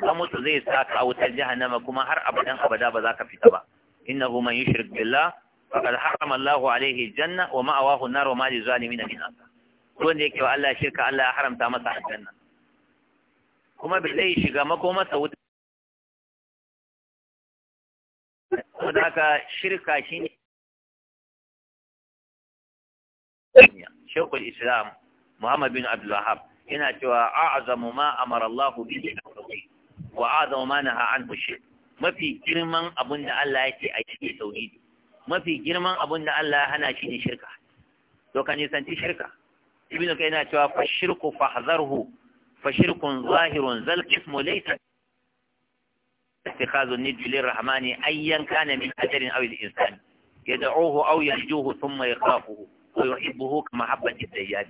ka mutu zai sa ka wutar jahannama kuma har abadan abada ba za ka fita ba innahu man yushrik billah faqad harrama Allah alayhi janna wa ma'awahu nar wa ma lil zalimin min ansar wanda yake wa Allah shirka Allah ya haramta masa aljanna kuma bai zai shiga makomarsa wuta saboda haka shirka shine shekul islam Muhammad bin Abdul yana cewa a'zamu ma amara da bihi wa a'zamu ma naha an shirk mafi girman abin da Allah ya ce a yi tauhidi mafi girman abin da Allah ya hana shi ne shirka to ka nisanci shirka ibnu kai yana cewa fa shirku fahzarhu fa shirkun zahirun zal ismu laysa اتخاذ الند للرحمن أيا كان من أجر أو الإنسان يدعوه أو يرجوه ثم يخافه ويحبه كمحبة الدجال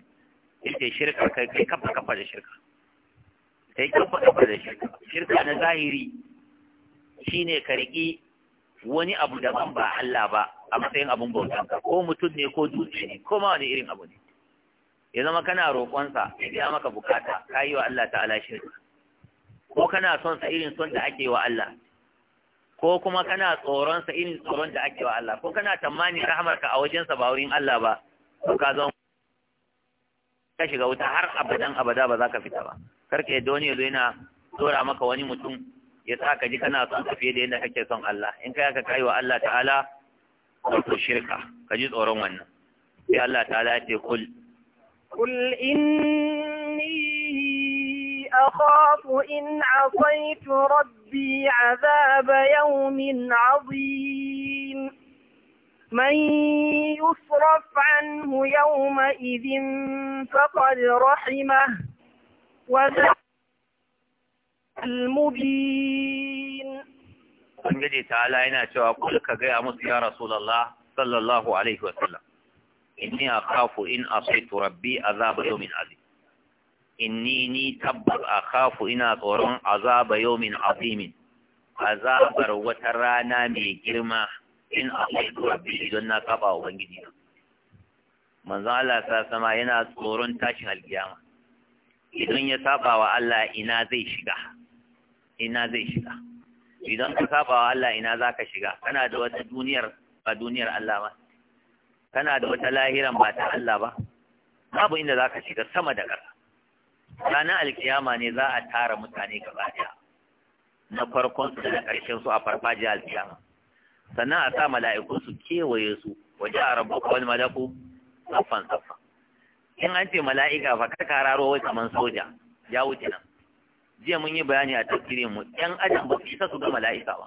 yake shirka kai kai kafa kafa da shirka kai kafa kafa da shirka shirka na zahiri shine ka riki wani abu da ban ba Allah ba a matsayin abun bautan ka ko mutum ne ko dutse ne ko ma wani irin abu ne ya zama kana roƙonsa ya biya maka bukata ka yi wa Allah ta'ala shirka ko kana son sa irin son da ake wa Allah ko kuma kana tsoron sa irin tsoron da ake wa Allah ko kana tamani rahamarka a wajensa ba wurin Allah ba to ka zama ka shiga wuta har abadan abada ba za ka fita ba kar ka yadda wani yazo yana dora maka wani mutum ya sa ka ji kana son fiye da yadda kake son Allah in kai aka kai wa Allah ta'ala wato shirka ka ji tsoron wannan sai Allah ta'ala ya ce kul kul inni akhafu in asaitu rabbi azaba yawmin azim من يصرف عنه يومئذ فقد رحمه وذلك المبين Ubangiji Ala yana cewa kul ka gaya musu ya Rasulullah sallallahu alaihi wa sallam inni akhafu in asaitu rabbi azaba yawmin azim inni ni tabbar akhafu ina tsoron azaba yawmin azim azabar wata rana mai girma in rabbi idan na saba wa ubangiji manzo Allah ta sama yana tsoron tashin alkiyama idan ya saba wa Allah ina zai shiga ina zai shiga idan ka saba wa Allah ina zaka shiga kana da wata duniyar ba duniyar Allah ba kana da wata lahiran ba ta Allah ba babu inda zaka shiga sama da ƙasa ranar alkiyama ne za a tara mutane gaba ɗaya na farkon su da ƙarshen su a farfajiyar alkiyama sannan a sa mala'iku su kewaye su waje a rabbuka wani malaku saffan saffan in an ce mala'ika fa kar raro wai kamar soja ya wuce nan jiya mun yi bayani a tafsirin mu yan adam ba su isa su ga mala'ika ba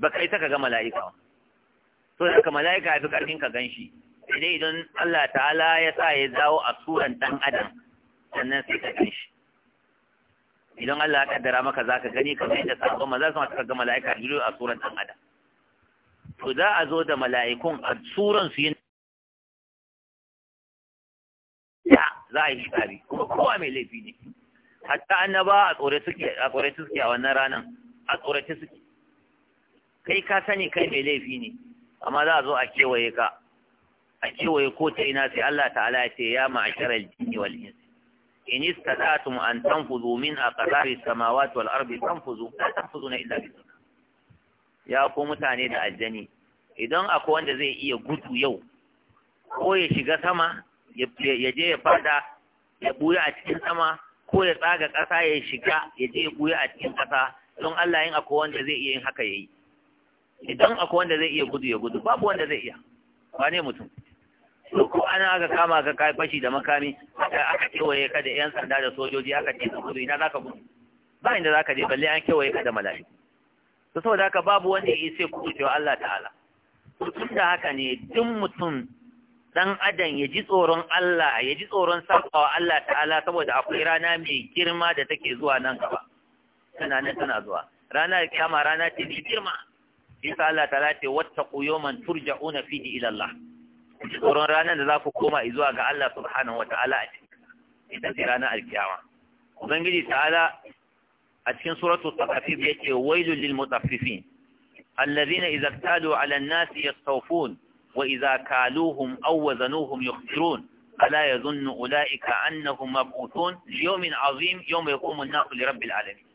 ba kai ta ka ga mala'ika ba so da ka mala'ika ya fi karfin ka ganshi sai dai idan Allah ta'ala ya sa ya dawo a suran dan adam sannan sai ka ganshi idan Allah ya kaddara maka zaka gani kamar yadda sabon maza su ga mala'ika jiru a suran dan adam to za a zo da mala'ikun a tsuran su yin ya za a yi shari kuma kowa mai laifi ne hatta annaba a tsore suke a tsore suke a wannan ranar a tsorace suke kai ka sani kai mai laifi ne amma za a zo a kewaye ka a kewaye ko ta ina sai Allah ta'ala ya ce ya ma'asharal jini wal insi in tum an tanfuzu min aqdari samawati wal ardi tanfuzu la tanfuzuna illa bi ya ko mutane da aljani idan akwai wanda zai iya gudu yau ko ya shiga sama ya je ya fada ya buya a cikin sama ko ya tsaga ƙasa ya shiga ya je ya buya a cikin ƙasa don Allah yin akwai wanda zai iya yin haka ya yi. idan akwai wanda zai iya gudu ya gudu babu wanda zai iya ba ne mutum ko ana aka kama ka kai fashi da makami aka aka kewaye ka da yan sanda da sojoji aka ce ka gudu ina zaka gudu ba inda zaka je balle an kewaye ka da mala'iku to saboda haka babu wanda ya isa ku cewa Allah ta'ala tun da haka ne duk mutum dan adam ya ji tsoron Allah ya ji tsoron sakawa Allah ta'ala saboda akwai rana mai girma da take zuwa nan gaba tana nan tana zuwa rana kiyama rana ce mai girma isa Allah ta'ala ce wattaqu yawman turja'una fihi ila Allah tsoron ranar da za ku koma zuwa ga Allah subhanahu wata'ala a cikin ita ce ranar alkiyama ubangiji ta'ala a cikin suratul tafafif yake wailul lil mutaffifin alladhina idza iktalu ala an-nasi yastawfun wa idza kaluhum aw wazanuhum yukhsirun ala yadhunnu ulaika annahum mab'uthun yawmin 'azim yawma yaqumu an-nasu li rabbil alamin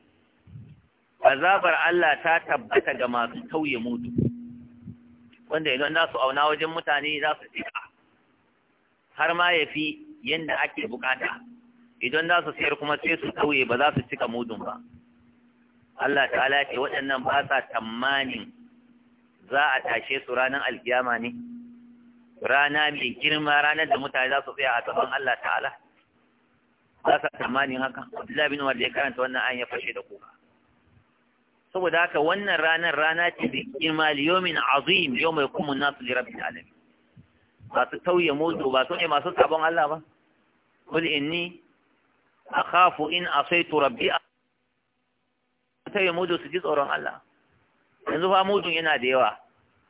azabar Allah ta tabbata ga masu tauye mutu wanda idan nasu auna wajen mutane za su tsika har ma ya fi yadda ake bukata idan za su sayar kuma sai su tauye ba za su cika mudun ba Allah ta'ala ce waɗannan ba sa tsammanin za a tashe su ranar alkiyama ne rana mai girma ranar da mutane za su tsaya a gaban Allah ta'ala Ba sa tsammanin haka Abdullahi bin Umar da ya karanta wannan an ya fashe da kuka saboda haka wannan ranar rana ce bi girma liyomin azim yau mai kuma nasu li rabbil Ba su tauye moto ba su ne masu sabon Allah ba kul inni akhafu in asaitu rabbi ta ya mudu su ji tsoron Allah yanzu fa mudun yana da yawa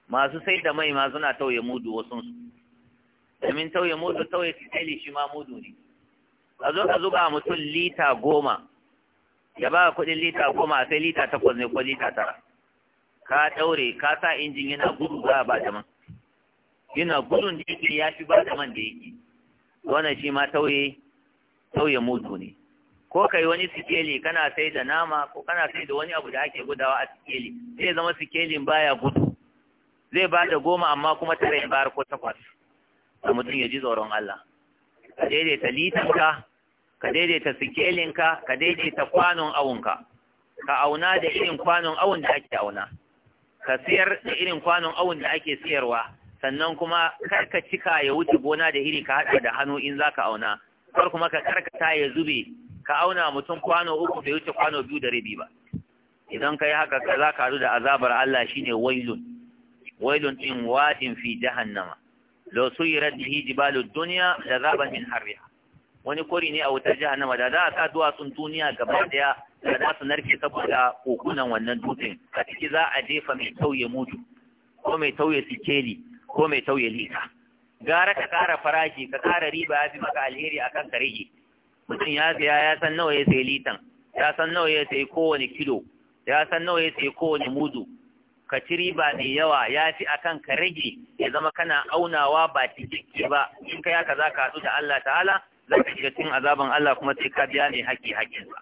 masu sai da mai ma suna tauye mudu wasu su domin tauye mudu tauye kai shi ma mudu ne a zo ka zuba mutum lita goma ya ba kuɗin lita goma sai lita takwas ne ko lita tara ka ɗaure ka sa injin yana gudu za a ba da man yana gudun da yake ya fi ba da man da yake wannan shi ma tauye tauye mudu ne ko kai wani sikeli kana sai da nama ko kana sai da wani abu da ake gudawa a sikeli zai zama sikelin baya gudu zai ba da goma amma kuma tare ya bayar ko takwas da mutum ya ji tsoron Allah ka daidaita litinka ka daidaita sikelinka ka daidaita kwanon awunka ka auna da irin kwanon awun da ake auna ka siyar da irin kwanon awun da ake siyarwa sannan kuma kar ka cika ya wuce gona da iri ka haɗa da hannu in za ka auna kar kuma ka karkata ya zube ka auna mutum kwano uku bai wuce kwano biyu da rabi ba idan ka haka ka za ka da azabar Allah shine wailun wailun din wa'in fi jahannama lo suyirat bihi jibalud dunya azaban min harriha wani kori ne a wutar jahannama da za a sa duwatsun duniya gaba daya da za su narke saboda kokunan wannan dutsen a ciki za a jefa mai tauye mutu ko mai tauye sikeli ko mai tauye lika. gara ka kara farashi ka kara riba ya fi maka alheri akan ka rage mutum ya saya ya san nawa ya sayi litan ya san nawa ya sayi kowane kilo ya san nawa ya sayi kowane mudu ka ci riba mai yawa ya fi akan ka rage ya zama kana aunawa ba cikakke ba in ka yaka za ka haɗu da Allah ta'ala za ka shiga cikin azaban Allah kuma sai ka biya mai haƙƙi ba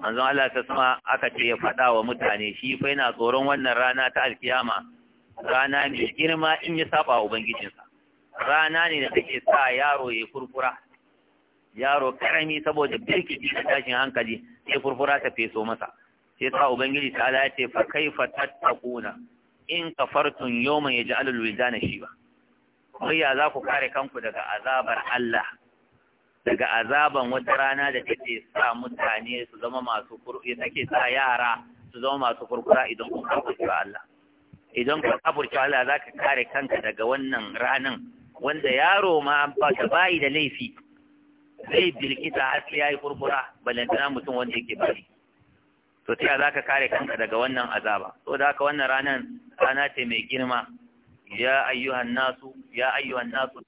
manzon Allah ta sama aka ce ya faɗa wa mutane shi fa yana tsoron wannan rana ta alkiyama rana mai girma in ya saba ubangijinsa rana ne da take sa yaro ya kurkura yaro karami saboda birkici da tashin hankali sai furfura ta feso masa sai sa ubangiji ta ala ce fa kaifa tattaquna in kafartun yawman yaj'alul wildana shiba kai ya za ku kare kanku daga azabar Allah daga azaban wata rana da take sa mutane su zama masu kurkure take sa yara su zama masu furfura idan kun kafurce Allah idan kun kafurce Allah za ka kare kanka daga wannan ranan wanda yaro ma ba ta bayi da laifi zai birkita har sai yayi furfura balantana mutum wanda yake bari to ta za ka kare kanka daga wannan azaba so da haka wannan ranar rana ce mai girma ya ayyuhan nasu ya ayyuhan nasu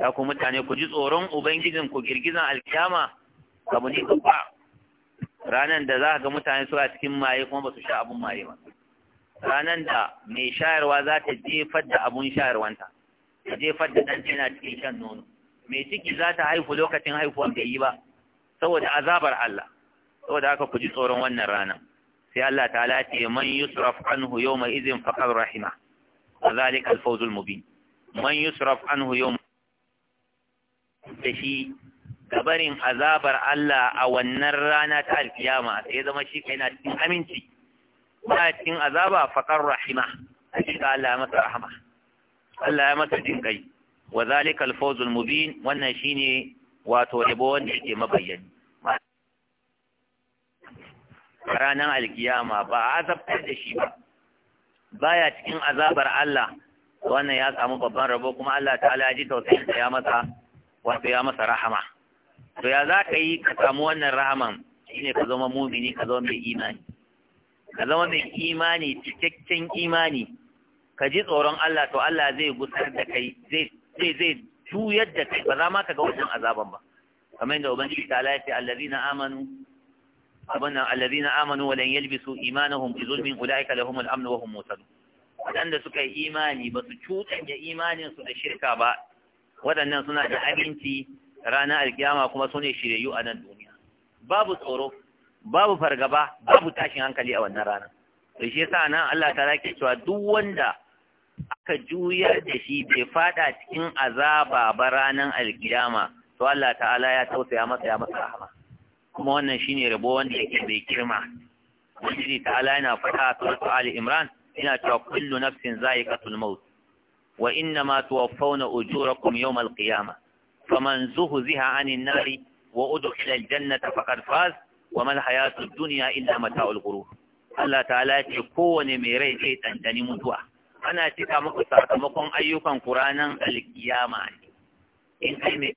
ya ku mutane ku ji tsoron ubangijin ku girgizan alkiyama abu ne ba ranan da za ga mutane su a cikin maye kuma ba su sha abun maye ba ranan da mai shayarwa za ta jefar da abun shayarwanta a jefar da ɗan yana cikin shan nono mai ciki za ta haihu lokacin haihuwan bai yi ba saboda azabar Allah saboda aka ku ji tsoron wannan rana sai Allah ta ce man yusraf anhu mai izin faƙar rahima wa zalika al-fawz al-mubin man yusraf anhu yawma da shi gabarin azabar Allah a wannan rana ta alkiyama sai zama shi kai na cikin aminci ba cikin azaba faƙar rahima a hakika Allah masa rahama Allah ya masa jin kai wa zalika al fawzul mubin wannan shine wato yabo wanda yake mabayyani ranar alkiyama ba a azabtar da shi ba baya cikin azabar Allah wannan ya samu babban rabo kuma Allah ta'ala ya ji tausayin ya masa wato ya masa rahama to ya za ka yi ka samu wannan rahaman shine ka zama mumini ka zama mai imani ka zama mai imani cikakken imani ka ji tsoron Allah to Allah zai gusar da kai zai zai zai juyar da kai ba za ma ka ga wannan azaban ba kamar yadda ubangiji ta Allah ya ce allazina amanu abana allazina amanu wa lan yalbisu imanahum bi zulmin ulaika lahum al-amn wa hum muhtadun wadanda suka yi imani ba su cutanya imanin su da shirka ba waɗannan suna da aminci ranar alkiyama kuma su ne shiryayyu a nan duniya babu tsoro babu fargaba babu tashin hankali a wannan rana to shi yasa nan Allah ta rake cewa duk wanda aka juyar da shi bai fada cikin azaba ba ranar alkiyama to Allah ta'ala ya tausaya masa ya masa rahama kuma wannan shine rabo wanda yake bai girma Ubangiji ta'ala yana fata a suratul Ali Imran yana cewa kullu nafsin za'iqatul maut wa innama tuwaffawna ujurakum yawmal qiyamah faman zuhziha 'anil nari wa udkhila al-jannata faqad faz wa mal hayatud dunya illa mata'ul ghurur Allah ta'ala ya ce kowane mai rai zai dandani mutuwa ana cika muku sakamakon ayyukan ku ranar alkiyama ne in kai mai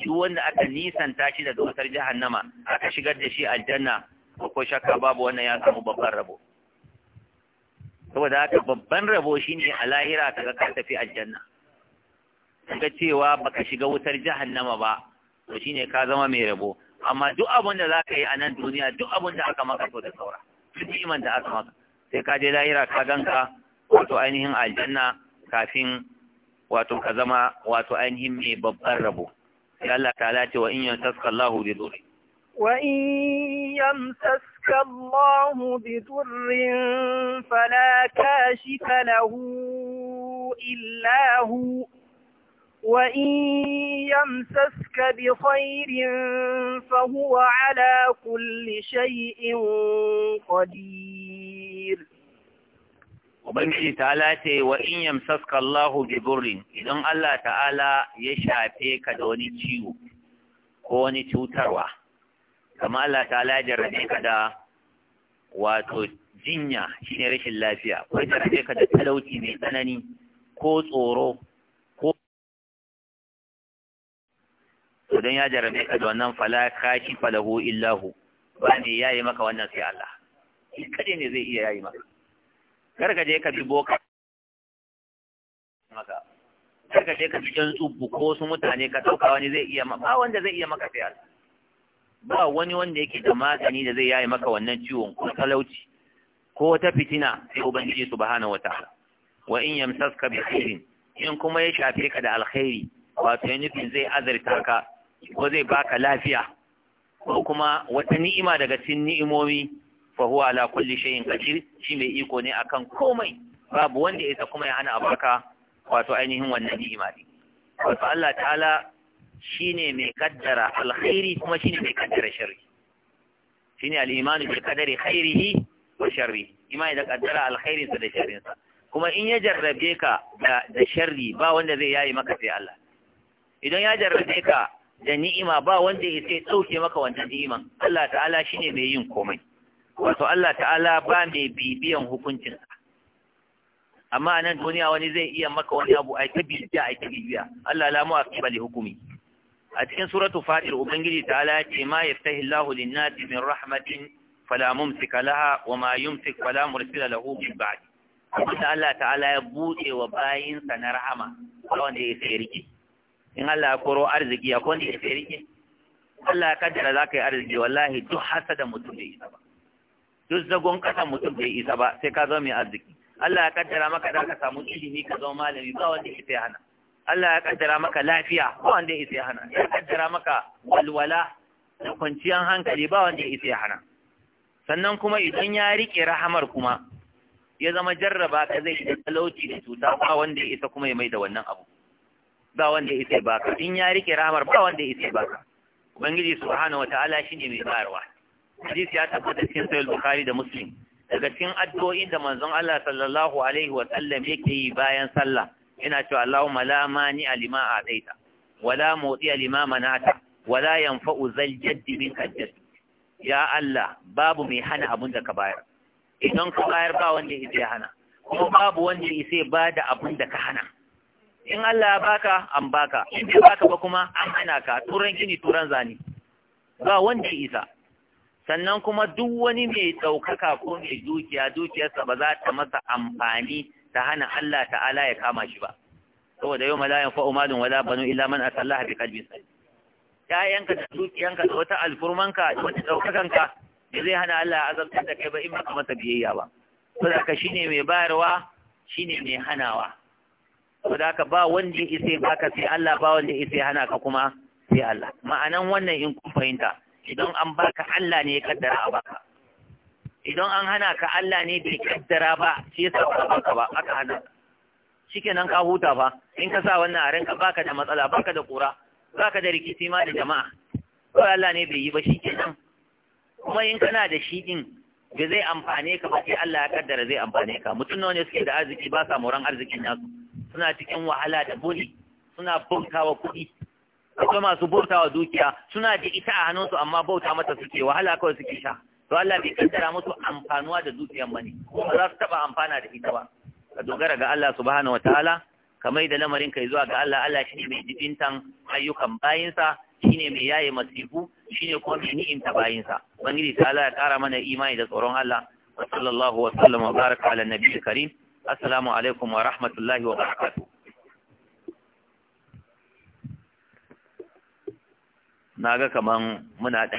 shi wanda aka nisanta shi daga wutar jahannama aka shigar da shi aljanna ko shakka babu wannan ya samu babban rabo saboda haka babban rabo shine a lahira ta ka tafi aljanna kaga cewa baka shiga wutar jahannama ba to shine ka zama mai rabo amma duk abin da ka yi a nan duniya duk abin da aka maka to da saura ni'iman da aka maka sai ka je lahira ka ganka wato ainihin aljanna kafin wato ka zama wato ainihin mai babban rabo sai Allah ta'ala ce wa in yantaska Allahu bi dhurri wa in yamtaska Allahu bi dhurrin fala kashifa lahu illa hu وإن يمسسك بخير فهو على كل شيء قدير Ubangiji ta'ala ce wa in yamsaska Allahu bi burrin idan Allah ta'ala ya shafe ka da wani ciwo ko wani cutarwa kamar Allah ta'ala ya jarrabe ka da wato jinya shine rashin lafiya ko ya ka da talauci mai tsanani ko tsoro to ya jarabe ka da wannan fala kashi falahu illahu ba ne ya yi maka wannan sai Allah shi ne zai iya ya yi maka kar ka je ka bi boka maka kar ka je ka bi ɗan tsubbu ko su mutane ka ɗauka wani zai iya maka ba wanda zai iya maka sai Allah ba wani wanda yake da magani da zai yayi maka wannan ciwon ko talauci ko ta fitina sai ubangiji subhanahu wataala wa in yamsaska bi khairin in kuma ya shafe ka da alkhairi wato ya nufin zai azurta ka ko zai baka lafiya ko kuma wata ni'ima daga cikin ni'imomi fa huwa ala kulli shay'in qadir shi mai iko ne akan komai babu wanda ya isa kuma ya hana abarka wato ainihin wannan ni'ima din wato Allah ta'ala shine mai kaddara alkhairi kuma shine mai kaddara sharri shine al-imanu bi qadari khairihi wa sharrihi imani da kaddara alkhairi da sharri kuma in ya jarrabe ka da da sharri ba wanda zai yayi maka sai Allah idan ya jarrabe ka da ni'ima ba wanda ya sai ɗauke maka wannan ni'iman Allah ta'ala shine mai yin komai wato Allah ta'ala ba mai bibiyan hukuncinsa amma a nan duniya wani zai iya maka wani abu a ta bibiya a ta bibiya Allah la mu'aqiba li hukumi a cikin suratu fatir ubangiji ta'ala ya ce ma ya Allahu lin-nasi min rahmatin fala mumsika laha wa ma yumsik fala mursila lahu min ba'd Allah ta'ala ya buɗe wa bayinsa na rahama wanda ya sai rike in Allah ya koro arziki ya kone da rike Allah ya kaddara za ka yi arziki wallahi duk hasada mutum bai isa ba duk zagon kasa mutum bai isa ba sai ka zama mai arziki Allah ya kaddara maka da ka samu ilimi ka zama malami ba wanda ya sai hana Allah ya kaddara maka lafiya ba wanda ya sai hana ya kaddara maka walwala da kwanciyar hankali ba wanda ya sai hana sannan kuma idan ya rike rahamar kuma ya zama jarraba ka zai da talauci da cuta ba wanda ya isa kuma ya mai da wannan abu ba wanda ya isa baka in ya rike rahamar ba wanda ya isa baka ubangiji subhanahu wataala shine mai bayarwa hadisi ya tabbata cikin sahih bukhari da muslim daga cikin addu'o'in da manzon Allah sallallahu alaihi wa sallam yake yi bayan sallah ina cewa Allahumma la mani alima a'taita wala mawdi alima manata wala yanfa'u zal jaddi minka jaddi ya Allah babu mai hana abun da ka bayar idan ka bayar ba wanda ya hana kuma babu wanda ya ba da abun da ka hana in Allah ya baka an baka in bai baka ba kuma an hana ka turan gini turan zani ba wanda isa sannan kuma duk wani mai ɗaukaka ko mai dukiya dukiyarsa ba za ta masa amfani ta hana Allah ta'ala ya kama shi ba saboda yau malayan fa'u malin wala banu illa man asallaha bi qalbi salim yanka da dukiyanka da wata alfurmanka da wata ɗaukakanka da zai hana Allah ya azabtar da kai ba in baka masa biyayya ba saboda ka shine mai bayarwa shine mai hanawa saboda da ba wanda ya isa baka sai Allah ba wanda ya isa hana ka kuma sai Allah ma'anan wannan in kun fahimta idan an baka Allah ne ya kaddara a baka idan an hana ka Allah ne bai kaddara ba shi yasa ba baka ba aka hana shikenan ka huta fa in ka sa wannan a ranka baka da matsala baka da kura baka da rikici ma da jama'a ko Allah ne bai yi ba shikenan kuma in kana da shi din da zai amfane ka ba sai Allah ya kaddara zai amfane ka mutum nawa ne suke da arziki ba sa moran arzikin nasu suna cikin wahala da buri suna bautawa kuɗi akwai masu bautawa dukiya suna da ita a hannunsu amma bauta mata suke wahala kawai suke sha to Allah bai kaddara musu amfanuwa da dukiyan bane ba za su taba amfana da ita ba ka dogara ga Allah subhanahu wataala kamar da lamarin kai zuwa ga Allah Allah shine mai jibintan ayyukan bayinsa shine mai yaye masifu shine kuma mai ni'imta bayinsa ubangiji ta Allah ya kara mana imani da tsoron Allah wa sallallahu wa sallama wa baraka ala nabiyil karim assalamu alaikum wa rahmatullahi wa barakatuh na ga kaman muna da